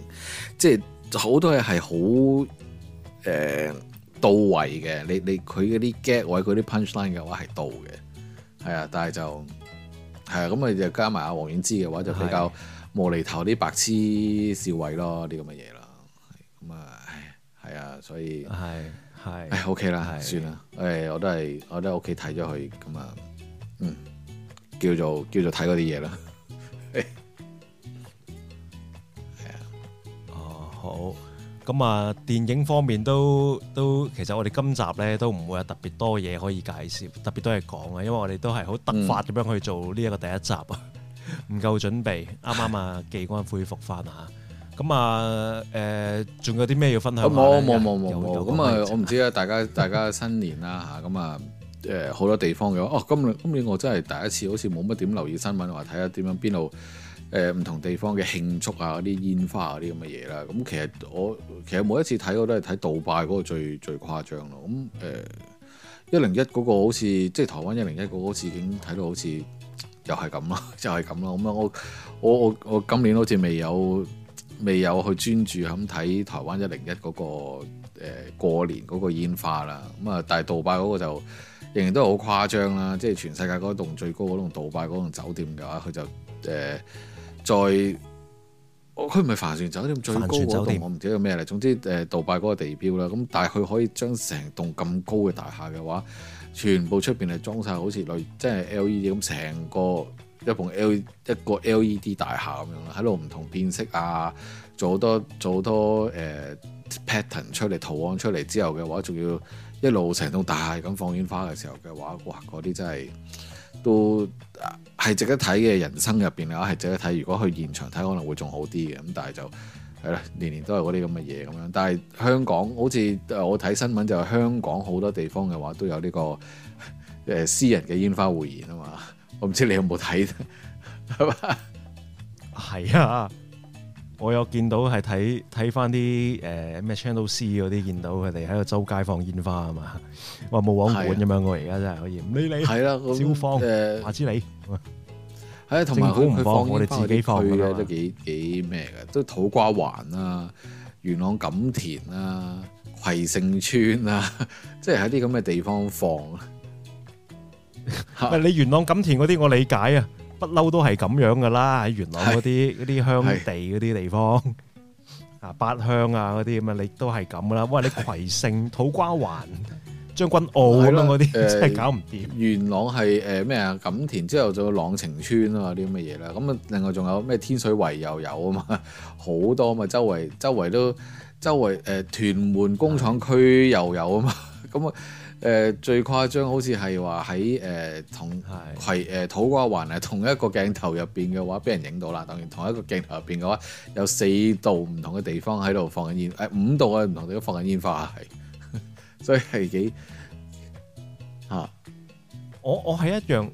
即係好多嘢係好誒到位嘅。你你佢嗰啲 get 位，佢啲 punchline 嘅話係到嘅，係啊。但係就係啊，咁啊就加埋阿王菀之嘅話是就比較無厘頭啲白痴笑位咯，啲咁嘅嘢啦。咁啊，係啊，所以係。係，o k 啦，係是，哎 okay、是算啦，誒、哎，我都係，我都喺屋企睇咗佢，咁啊，嗯，叫做叫做睇嗰啲嘢啦，係、哎、啊，哦，好，咁啊，電影方面都都，其實我哋今集咧都唔會有特別多嘢可以介紹，特別都係講嘅，因為我哋都係好突發咁樣去做呢一個第一集，啊、嗯。唔夠 *laughs* 準備，啱啱啊，器官恢復翻啊。咁啊，誒，仲有啲咩要分享？冇冇冇冇冇咁啊！我唔知啊，大家 *laughs* 大家新年啦吓。咁啊，誒，好多地方嘅哦。今、啊、年今年我真係第一次好似冇乜點留意新聞，話睇下點樣邊度誒唔同地方嘅慶祝啊，嗰啲煙花嗰啲咁嘅嘢啦。咁其實我其實每一次睇我都係睇杜拜嗰個最最誇張咯。咁誒一零一嗰個好似即係台灣一零一嗰個好似已經睇到好似又係咁咯，又係咁咯。咁樣我我我我今年好似未有。未有去專注咁睇台灣一零一嗰個誒、呃、過年嗰個煙花啦，咁啊，但係杜拜嗰個就仍然都好誇張啦，即係全世界嗰棟最高嗰棟杜拜嗰棟酒店嘅話，佢就誒再，佢唔係帆船酒店最高嗰棟，我唔知叫咩嚟。總之誒、呃，杜拜嗰個地標啦，咁但係佢可以將成棟咁高嘅大廈嘅話，全部出邊係裝晒，好似類即係 LED 咁成個。一部 L 一個 LED 大廈咁樣啦，喺度唔同變色啊，做好多做好多誒、呃、pattern 出嚟，圖案出嚟之後嘅話，仲要一路成棟大廈咁放煙花嘅時候嘅話，哇！嗰啲真係都係值得睇嘅，人生入邊嘅話係值得睇。如果去現場睇可能會仲好啲嘅，咁但係就係啦，年年都係嗰啲咁嘅嘢咁樣。但係香港好似我睇新聞就係香港好多地方嘅話都有呢、呢個誒、呃、私人嘅煙花匯演啊嘛～我唔知你有冇睇，係嘛？係啊，我有見到係睇睇翻啲誒咩 Channel C 嗰啲，見到佢哋喺度周街放煙花啊嘛！我冇王管咁樣嘅，而家真係可以唔理你，係啦、啊，燒放話知、呃、你。係啊，同埋好唔放煙花啲區咧吧都幾幾咩嘅，都土瓜灣啊，元朗錦田啊，葵盛村啊， *laughs* 即係喺啲咁嘅地方放。喂，你元朗錦田嗰啲我理解啊，不嬲都係咁樣噶啦，喺元朗嗰啲嗰啲鄉地嗰啲地方啊，八鄉啊嗰啲咁啊，你都係咁噶啦。喂，你葵盛、土瓜灣、將軍澳咁樣嗰啲真係搞唔掂。元朗係誒咩啊？錦田之後仲有朗晴村啊啲咁嘅嘢啦。咁啊，另外仲有咩天水圍又有啊嘛，好多啊嘛，周圍周圍都周圍誒屯門工廠區又有啊嘛，咁啊。誒、呃、最誇張好似係話喺誒同葵誒、呃、土瓜環啊，同一個鏡頭入邊嘅話，俾人影到啦。當然同一個鏡頭入邊嘅話，有四度唔同嘅地方喺度放緊煙，誒、哎、五度嘅唔同地方放緊煙花，所以係幾嚇、啊、我。我係一樣，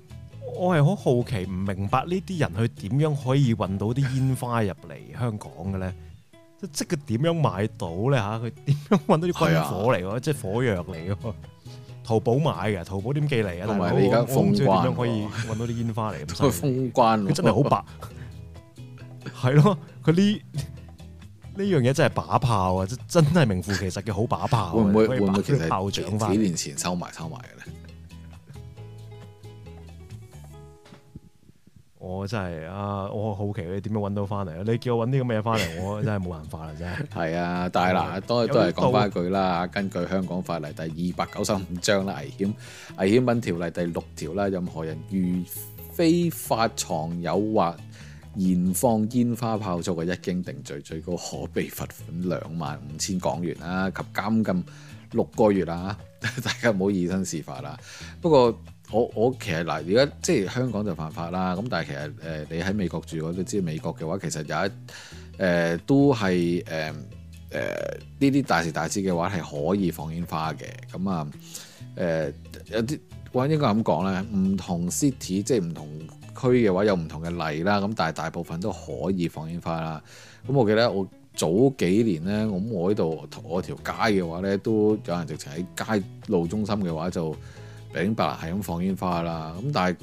我係好好奇，唔明白呢啲人去點樣可以運到啲煙花入嚟香港嘅咧？ *laughs* 即即佢點樣買到咧？吓、啊，佢點樣揾到啲軍火嚟㗎？啊、即火藥嚟㗎？ *laughs* 淘寶買嘅，淘寶點寄嚟啊？但係我你我封關點可以搵到啲煙花嚟？佢 *laughs* 封關，佢真係好白，係 *laughs* 咯 *laughs* 他這，佢呢呢樣嘢真係把炮啊！真真係名副其實嘅好把炮。會唔會可以炮仗會唔會幾年前收埋收埋嘅咧？我真係啊！我好奇你點樣揾到翻嚟啊？你叫我揾啲咁嘅嘢翻嚟， *laughs* 我真係冇辦法啦，真係。係啊，但係嗱，都係都係講翻一句啦。嗯、根據香港法例第二百九十五章啦，危險危險品條例第六條啦，任何人如非法藏有或燃放煙花炮竹嘅，一經定罪，最高可被罰款兩萬五千港元啊，及監禁六個月啦。 *laughs* 大家唔好以身試法啦。不過，我我其實嗱，而家即係香港就犯法啦。咁但係其實誒、呃，你喺美國住，我都知美國嘅話其實有一誒、呃、都係誒誒呢啲大時大節嘅話係可以放煙花嘅。咁啊誒有啲話應該咁講咧，唔同 city 即係唔同區嘅話有唔同嘅例啦。咁但係大部分都可以放煙花啦。咁我記得我早幾年咧，咁我喺度我條街嘅話咧，都有人直情喺街路中心嘅話就。白拔係咁放煙花啦，咁但係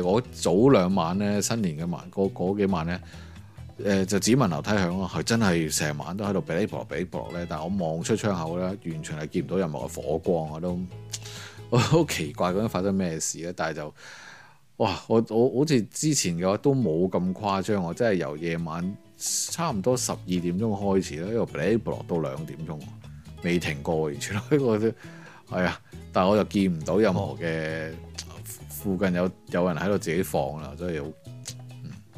誒我早兩晚咧，新年嘅晚嗰幾晚咧誒就只聞樓梯響咯，係真係成晚都喺度餅拔餅拔咧，但我望出窗口咧完全係見唔到任何嘅火光，我都我好奇怪究竟發生咩事咧，但係就哇我我好似之前嘅話都冇咁誇張，我真係由夜晚差唔多十二點鐘開始咧，一路餅拔到兩點鐘，未停過，完全係一個係啊！但係我又見唔到任何嘅附近有有人喺度自己放啦，所以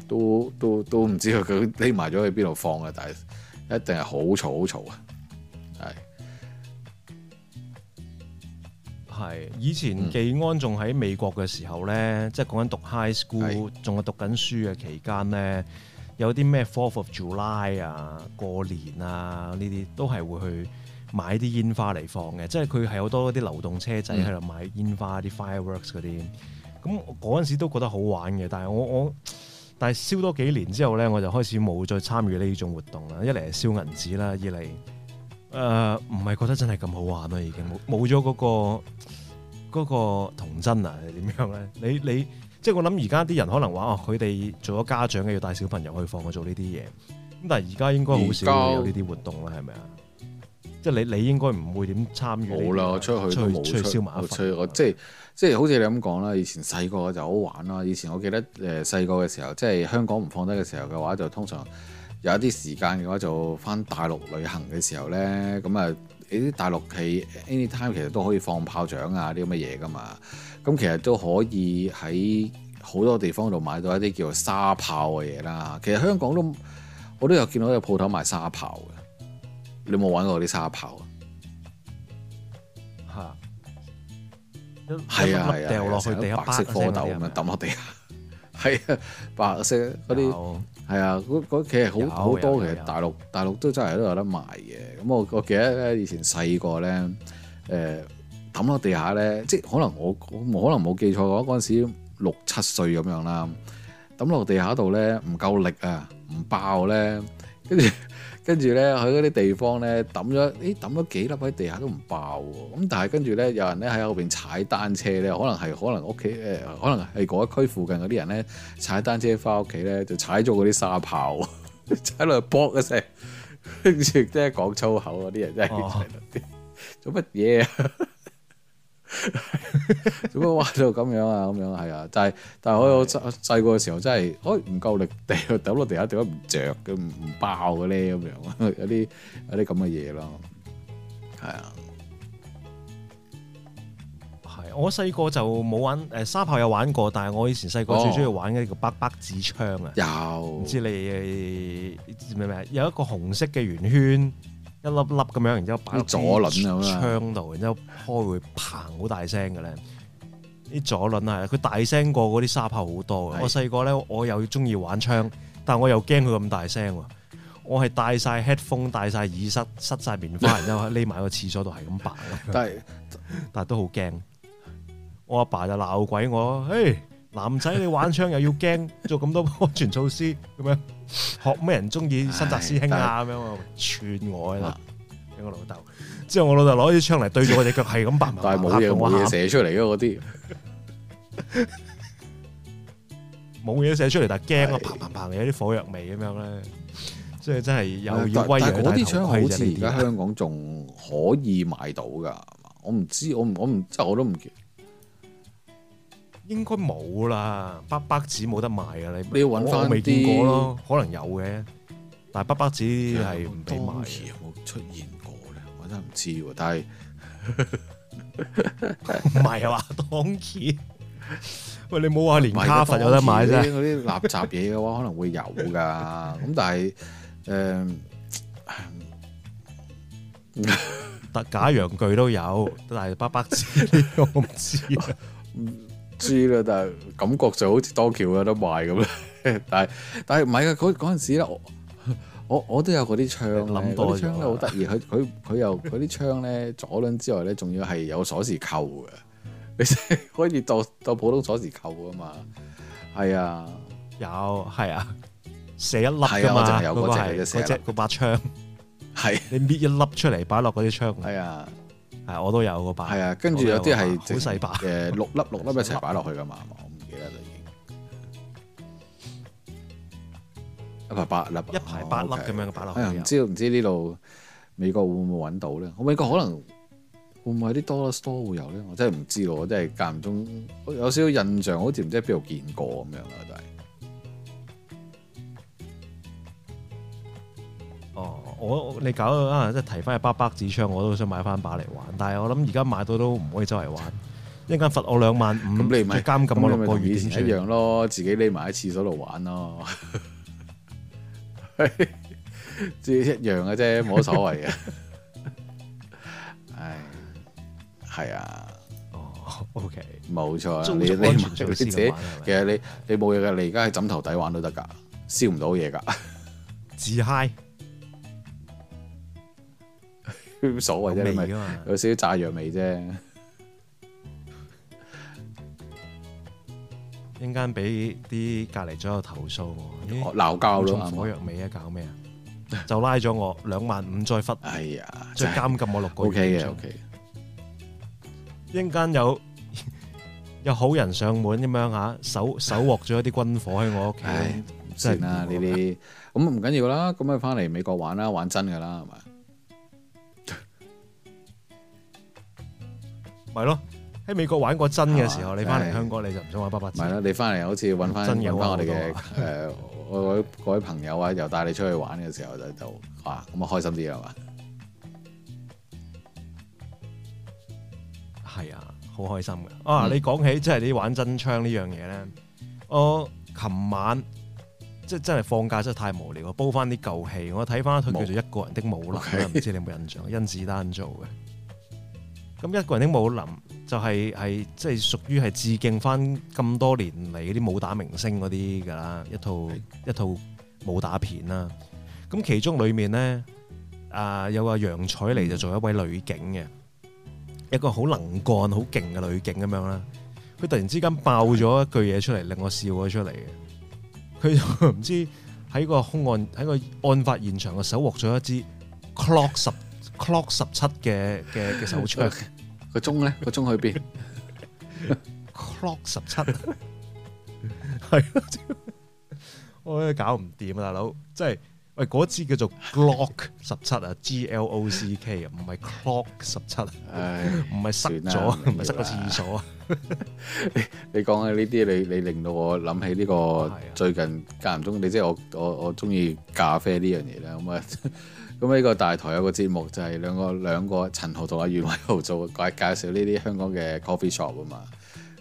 都都都唔知佢佢匿埋咗去邊度放啊！但係一定係好嘈好嘈啊！係係以前紀安仲喺美國嘅時候咧，嗯、即係講緊讀 high school 仲係讀緊書嘅期間咧，有啲咩 Fourth of July 啊、過年啊呢啲都係會去。買啲煙花嚟放嘅，即係佢係好多啲流動車仔喺度、嗯、買煙花、啲 fireworks 嗰啲。咁嗰陣時都覺得好玩嘅，但係我我但係燒多幾年之後咧，我就開始冇再參與呢種活動啦。一嚟係燒銀紙啦，二嚟誒唔係覺得真係咁好玩啦，已經冇冇咗嗰個嗰個童真啊？點樣咧？你你即係我諗，而家啲人可能話哦，佢哋做咗家長嘅，要帶小朋友去放學做呢啲嘢。咁但係而家應該好少有呢啲活動啦，係咪啊？即係你，你應該唔會點參與。冇啦，我出去都冇出去。吹即係即係，好似你咁講啦。以前細個就好玩啦。以前我記得誒細個嘅時候，即係香港唔放低嘅時候嘅話，就通常有一啲時間嘅話，就翻大陸旅行嘅時候咧，咁啊，你啲大陸企 anytime 其實都可以放炮仗啊啲咁嘅嘢噶嘛。咁其實都可以喺好多地方度買到一啲叫做沙炮嘅嘢啦。其實香港都我都有見到有鋪頭賣沙炮嘅。你有冇玩過啲沙炮哈啊？係啊，一甩掉落去第、啊啊、白色蝌蚪咁樣抌落地下，係 *laughs* 啊，白色嗰啲係啊，嗰嗰其實好好有多嘅，大陸大陸，大陸都真係都有得賣嘅。咁我我記得咧，以前細個咧，誒抌落地下咧，即係可能我，我可能冇記錯，我嗰陣時六七歲咁樣啦，抌落地下度咧唔夠力啊，唔爆咧，跟住。 *laughs* 跟住咧，佢嗰啲地方咧，揼咗，誒揼咗幾粒喺地下都唔爆喎、啊。咁但係跟住咧，有人咧喺後邊踩單車咧，可能係可能屋企誒，可能係嗰、呃、一區附近嗰啲人咧踩單車翻屋企咧，就踩咗嗰啲沙炮，踩 *laughs* 落去卜一聲，跟住即係講粗口嗰啲、啊、人真係做乜嘢、啊？ *laughs* 點 *laughs* 解玩到咁樣啊？咁樣係啊，但係但係我我細個嘅時候真係，哎唔夠力掉掉落地下掉得唔着嘅，唔爆嘅咧咁樣，有啲有啲咁嘅嘢咯，係啊，係我細個就冇玩，誒沙炮有玩過，但係我以前細個最中意玩嘅呢個百百子槍啊，有，哦，唔知你明唔明啊？有一個紅色嘅圓圈。一粒粒咁樣，然之後擺喺支槍度，然之後，然後開會砰好大聲嘅咧，啲左輪啊，佢大聲過嗰啲沙炮好多。是 我細個咧，我又中意玩槍，但係我又驚佢咁大聲，我係戴晒 headphone，戴晒耳塞，塞晒棉花，然之後匿埋個廁所度係咁扮，但係但係都好驚。我阿爸，爸就鬧鬼我、hey，嘿。男仔你玩槍又要驚，做咁多安全措施咁樣，學咩人中意新紮師兄啊，咁樣串我啦，因為我老豆，之後我老豆攞支槍嚟對住我隻腳，係咁嘭嘭嘭，冇嘢射出嚟嘅嗰啲，冇嘢 *laughs* 射出嚟，但係驚啊，是 啪啪啪，嘭，有啲火藥味咁樣咧，即係真係又要威戴頭盔，但係嗰啲槍好似而家香港仲可以買到噶， *laughs* 我唔知，我我唔知，我都唔應該冇啦，筆筆紙冇得賣噶！你你未揾翻啲，可能有嘅，但係筆筆紙係唔俾賣，有冇出現過咧，我真係唔知，但係唔係啊？話 *laughs* *laughs* 當喂，你冇話連卡佛有得買啫，嗰啲垃圾嘢嘅話可能會有噶。咁但係誒，假陽具都有，但係筆筆紙我唔知。 *laughs* 知啦， *laughs* 但係感覺就好似多橋有得賣咁啦。但係但係唔係啊？嗰嗰陣時咧，我我我都有嗰啲槍，嗰啲槍咧，好得意。佢佢佢又啲槍咧，左輪之外咧，仲要係有鎖匙扣嘅，你 *laughs* 可以當當普通鎖匙扣啊嘛。係啊，有係啊，射一粒㗎嘛，嗰、啊、隻嗰把槍係是、啊、你搣一粒出嚟擺落嗰啲槍。係啊。係，我都有個包。係啊，跟住有啲係整細包，嘅，六粒六粒一齊擺落去噶嘛，粒我唔記得咗已經。粒一排八粒，一排 okay, 八粒咁樣擺落去。係唔、哎、知唔知呢度美國會唔會揾到咧？我美國可能會唔會啲 dollar store 會有咧？我真係唔知咯，我真係間唔中有少少印象，好似唔知喺邊度見過咁樣啊！就我你搞到啊！即係提翻嘅百百子槍，我都想買翻把嚟玩。但係我諗而家買到都唔可以周圍玩，罰 00, 一陣間罰我兩萬五，你咪監禁我咪同以前一樣咯，自己匿埋喺廁所度玩咯，即係一樣嘅啫，冇所謂嘅。唉，係啊，哦，OK，冇錯，你匿埋喺自己，其實你你冇嘢噶，你而家喺枕頭底玩都得噶，燒唔到嘢噶，自嗨。冇所謂啫，嘛？你有少少炸藥味啫、啊。一陣間俾啲隔籬左右投訴我，鬧交咯嘛，火藥味啊，搞咩啊？就拉咗我兩萬五再忽，係啊、哎呀，再監禁我六個月。O K O K。一陣間有有好人上門咁樣吓，手守獲咗一啲軍火喺我屋企。 *laughs* 唉，真啊，呢啲咁唔緊要，緊要緊啦，咁咪翻嚟美國玩啦，玩真噶啦，係嘛？係咯，喺美國玩過真嘅時候，吧你翻嚟香港的你就唔想玩 BB 槍。係咯，你翻嚟好似搵翻搵翻我哋嘅誒，我嗰、 *laughs* 呃、位朋友啊，又帶你出去玩嘅時候就就咁啊，開心啲係嘛？係啊，好開心嘅。啊，嗯、你講起即係你玩真槍呢樣嘢咧，我琴晚即係真係放假，真係太無聊，煲翻啲舊戲，我睇翻佢叫做《一個人的武林》，唔、okay. 知你有冇印象？甄子丹做嘅。咁一個人嘅武林就係係即係屬於係致敬返咁多年嚟嗰啲武打明星嗰啲㗎啦，一套、嗯、一套武打片啦、啊。咁其中裡面咧，啊有個楊采妮就做一位女警嘅，嗯、一個好能幹、好勁嘅女警咁樣啦。佢突然之間爆咗一句嘢出嚟，令我笑咗出嚟嘅。佢唔知喺個凶案喺個案發現場嘅手獲咗一支 clock Clock 十七嘅嘅嘅手槍、啊，個鐘咧，個鐘去邊 *laughs* ？Clock 十七係咯，我搞唔掂啊，大佬，即係喂嗰支叫做 Glock 十七啊，G, 17, G L O C K 啊，唔係 Clock 十七啊，唔係塞咗，唔係塞個廁所啊！ *laughs* 你你講嘅呢啲，你你令到我諗起呢個最近間唔中，你即係我我我中意咖啡呢樣嘢咧，咁啊。咁呢個大台有個節目就係兩個兩個陳豪同阿袁偉豪做介介紹呢啲香港嘅 coffee shop 啊嘛，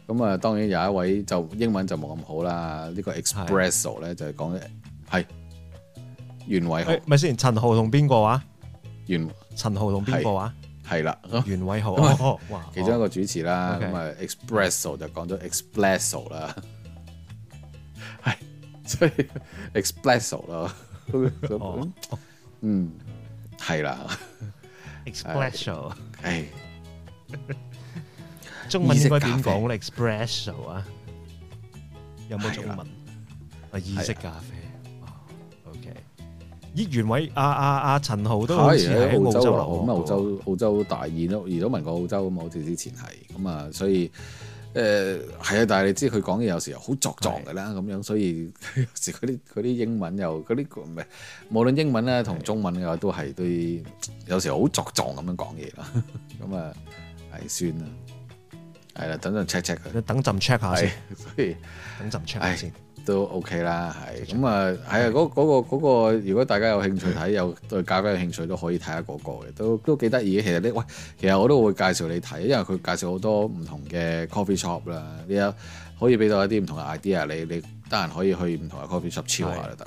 咁啊當然有一位就英文就冇咁好啦，呢個 expresso 咧就係講係袁偉豪，咪先陳豪同邊個話，袁陳豪同邊個話？係啦袁偉豪，其中一個主持啦，咁啊 expresso 就講咗 expresso 啦，即係 expresso 咯。嗯，係啦，espresso，唉， *laughs* *laughs* 中文應該點講咧？espresso 啊， *laughs* 有冇中文？的 *laughs* okay. 啊，意式咖啡，OK。議員委阿阿阿陳豪都開始喺澳洲，咁澳洲澳洲大宴，都而都問過澳洲咁嘛，好似之前係咁啊，所以。誒係啊，但係你知佢講嘢有時候好作狀㗎啦，咁的樣，所以有時嗰啲啲英文又嗰啲唔係，無論英文啦同中文嘅的話都係對有時候好作狀咁樣講嘢啦，咁啊係算啦，係啦，等陣 check check 佢，等陣 check 下先，等陣 check 下先。是的 *laughs* 都 OK 啦，係咁啊，係啊，嗰嗰個嗰個，如果大家有興趣睇，有對咖啡有興趣都可以睇下嗰個嘅，都都幾得意嘅。其實你喂，其實我都會介紹你睇，因為佢介紹好多唔同嘅 coffee shop 啦，你有可以俾到一啲唔同嘅 idea，你你得閒可以去唔同嘅 coffee shop 超下都得。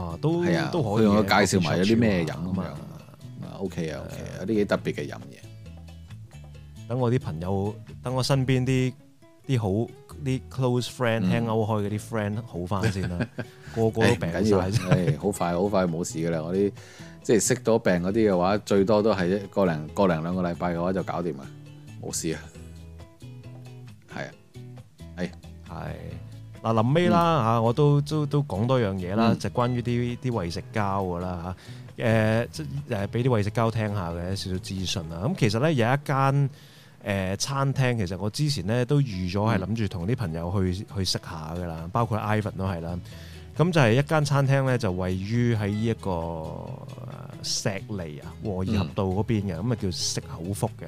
啊，都係啊，都可以嘅。介紹埋有啲咩飲咁樣啊？OK 啊，OK 啊，有啲幾特別嘅飲嘢。等我啲朋友，等我身邊啲啲好啲 close friend 聽歐開嗰啲 friend 好翻先啦， *laughs* 個個都病唉，好、欸欸、快好快冇事噶啦！我啲即係識咗病嗰啲嘅話，最多都係一個零個零兩個禮拜嘅話就搞掂、啊啊、啦，冇事啊，係啊，係係嗱，臨尾啦嚇，我都都都講多樣嘢啦，嗯、就關於啲啲餵食膠噶啦嚇，誒誒，俾啲餵食膠聽下嘅少，少少資訊啦。咁其實咧有一間，誒、呃、餐廳其實我之前咧都預咗係諗住同啲朋友去、嗯、去食下噶啦，包括 Ivan 都係啦。咁就係一間餐廳咧，就位於喺呢一個石梨啊和宜合道嗰邊嘅，咁啊、嗯、叫食口福嘅。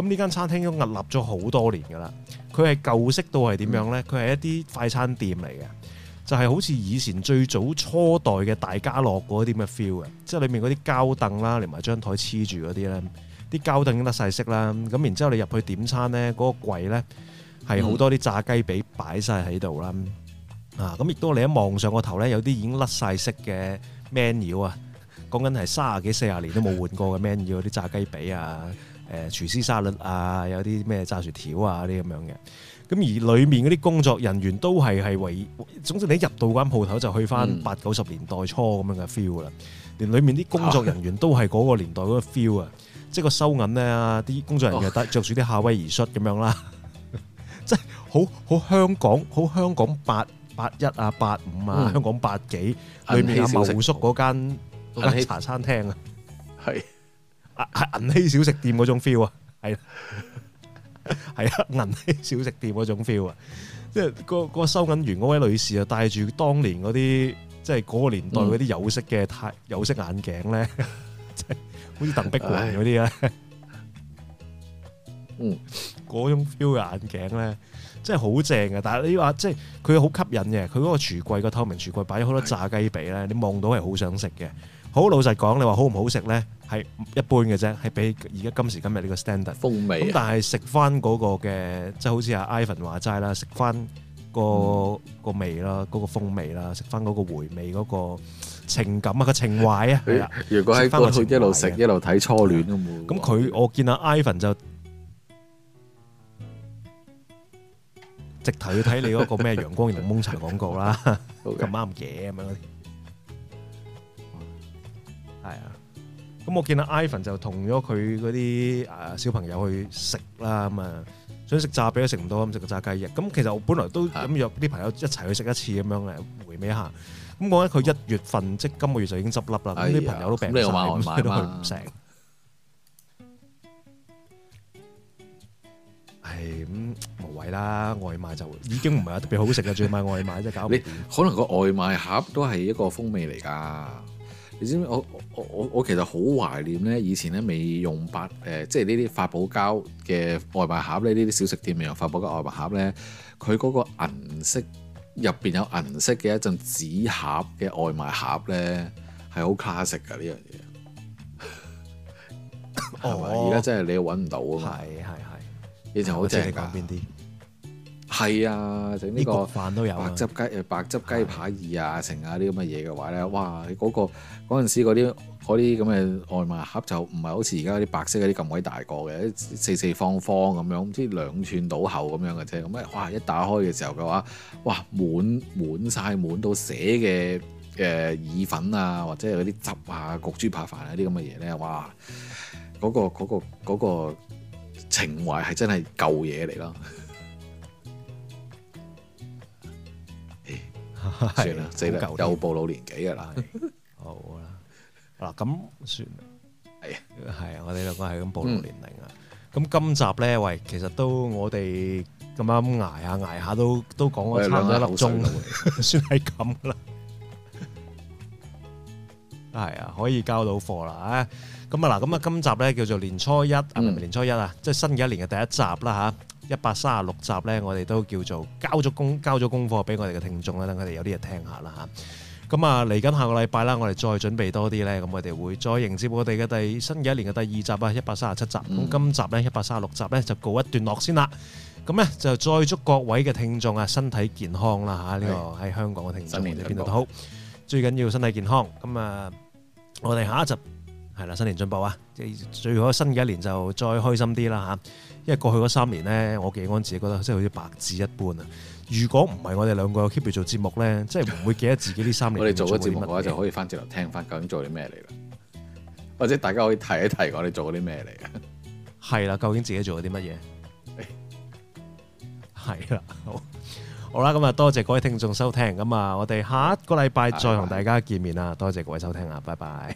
咁呢間餐廳都屹立咗好多年噶啦，佢係舊式到係點樣咧？佢係、嗯、一啲快餐店嚟嘅，就係、是、好似以前最早初代嘅大家樂嗰啲咁嘅 feel 嘅，即、就、係、是、裡面嗰啲膠凳啦，連埋張枱黐住嗰啲咧。啲膠凳已經甩曬色啦，咁然之後你入去點餐咧，嗰個櫃咧係好多啲炸雞髀擺曬喺度啦。啊，咁亦都你一望上個頭咧，有啲已經甩曬色嘅 menu 啊，講緊係三啊幾四啊年都冇換過嘅 menu 嗰啲炸雞髀啊，誒廚師沙律啊，有啲咩炸薯條啊啲咁樣嘅。咁而裡面嗰啲工作人員都係係為總之你入到間鋪頭就去翻八九十年代初咁樣嘅 feel 啦，連裡面啲工作人員都係嗰個年代嗰個 feel 啊。即係個收銀咧，啲工作人員戴著住啲夏威夷恤咁樣啦，即係好好香港好香港八八一啊，八五啊，香港八幾裏面啊，茂叔嗰間嗰間茶餐廳啊，係啊係銀禧小食店嗰種 feel 啊，係係啊銀禧小食店嗰種 feel 啊，即係個個收銀員嗰位女士啊，戴住當年嗰啲即係嗰個年代嗰啲有色嘅太有色眼鏡咧。好似鄧碧雲嗰啲咧，嗯，嗰種 feel 嘅眼鏡咧，真係好正嘅。但係你話即係佢好吸引嘅，佢嗰個櫥櫃個透明櫥櫃擺咗好多炸雞髀咧，你望到係好想食嘅。好老實講，你話好唔好食咧，係一般嘅啫，係比而家今時今日呢個 standard 風味。咁但係食翻嗰個嘅，即係好似阿 Ivan 話齋啦，食翻個個味啦，嗰個風味啦，食翻嗰個回味嗰個。情感啊，個情懷啊，係啊！如果喺翻去一路食一路睇初戀都冇。咁佢我見阿 Ivan 就直頭要睇你嗰個咩陽光檸檬茶廣告啦，咁啱嘢咁樣嗰啲。係啊，咁我見阿 Ivan 就同咗佢嗰啲誒小朋友去食啦，咁啊想食炸餅都食唔到，咁食個炸雞翼。咁其實我本來都諗約啲朋友一齊去食一次，咁樣嚟回味下。咁我覺得佢一月份即今個月就已經執笠啦。咁啲呦朋友都病曬，咁佢都去唔成。係咁 *laughs* 無謂啦，外賣就已經唔係特別好食啦。仲 *laughs* 要買外賣真係搞唔掂。可能個外賣盒都係一個風味嚟噶。你知唔知我我我，我其實好懷念咧，以前咧未用八，誒、呃，即係呢啲發泡膠嘅外賣盒咧，呢啲小食店未用發泡膠外賣盒咧，佢嗰個銀色。入邊有銀色嘅一陣紙盒嘅外賣盒咧，係好卡食 a 呢樣嘢。哦！而家 *laughs* 真係你揾唔到啊嘛。係係係，以前好正㗎。講邊啲？係啊，整呢、啊、個白汁雞、白汁雞排二啊、是成啊啲咁嘅嘢嘅話咧，哇！嗰、那個嗰時嗰啲。嗰啲咁嘅外賣盒就唔係好似而家啲白色嗰啲咁鬼大個嘅，四四方方咁樣，唔知兩寸倒厚咁樣嘅啫。咁啊，哇！一打開嘅時候嘅話，哇，滿滿晒滿，滿到寫嘅誒、呃、意粉啊，或者係嗰啲汁啊、焗豬扒飯啊啲咁嘅嘢咧，哇！嗰個、嗰個、嗰個情懷係真係舊嘢嚟咯。算啦，真係舊暴露年紀嘅啦。嗱，咁算啦，係啊，係啊，我哋兩個係咁暴露年齡啊。咁今集咧，喂，其實都我哋咁啱捱下捱下，都都講咗差唔多一粒鐘，算係咁啦。係啊，可以交到課啦。咁啊嗱，咁啊今集咧叫做年初一，係咪年初一啊？即係新嘅一年嘅第一集啦吓，一百三十六集咧，我哋都叫做交咗功，交咗功課俾我哋嘅聽眾啦，等佢哋有啲嘢聽下啦吓。咁啊，嚟緊下個禮拜啦，我哋再準備多啲咧，咁我哋會再迎接我哋嘅第新嘅一年嘅第二集啊，一百三十七集。咁今集咧一百三十六集咧就告一段落先啦。咁咧就再祝各位嘅聽眾啊身體健康啦嚇，呢個喺香港嘅聽眾，新年進步。或者邊度都好，最緊要身體健康。咁啊，我哋下一集係啦，新年進步啊，即係最好新嘅一年就再開心啲啦嚇。因為過去嗰三年咧，我幾安自己覺得即係好似白紙一般啊。如果唔係我哋兩個有 keep 住做節目咧，即係唔會記得自己呢三年。我哋做咗節目嘅話，就可以翻轉頭聽翻究竟做咗啲咩嚟啦。或者大家可以提一提，我哋做咗啲咩嚟啊？係啦，究竟自己做咗啲乜嘢？係啦，好，好啦，咁啊，多謝各位聽眾收聽，咁啊，我哋下一個禮拜再同大家見面啦，多謝各位收聽啊，拜拜。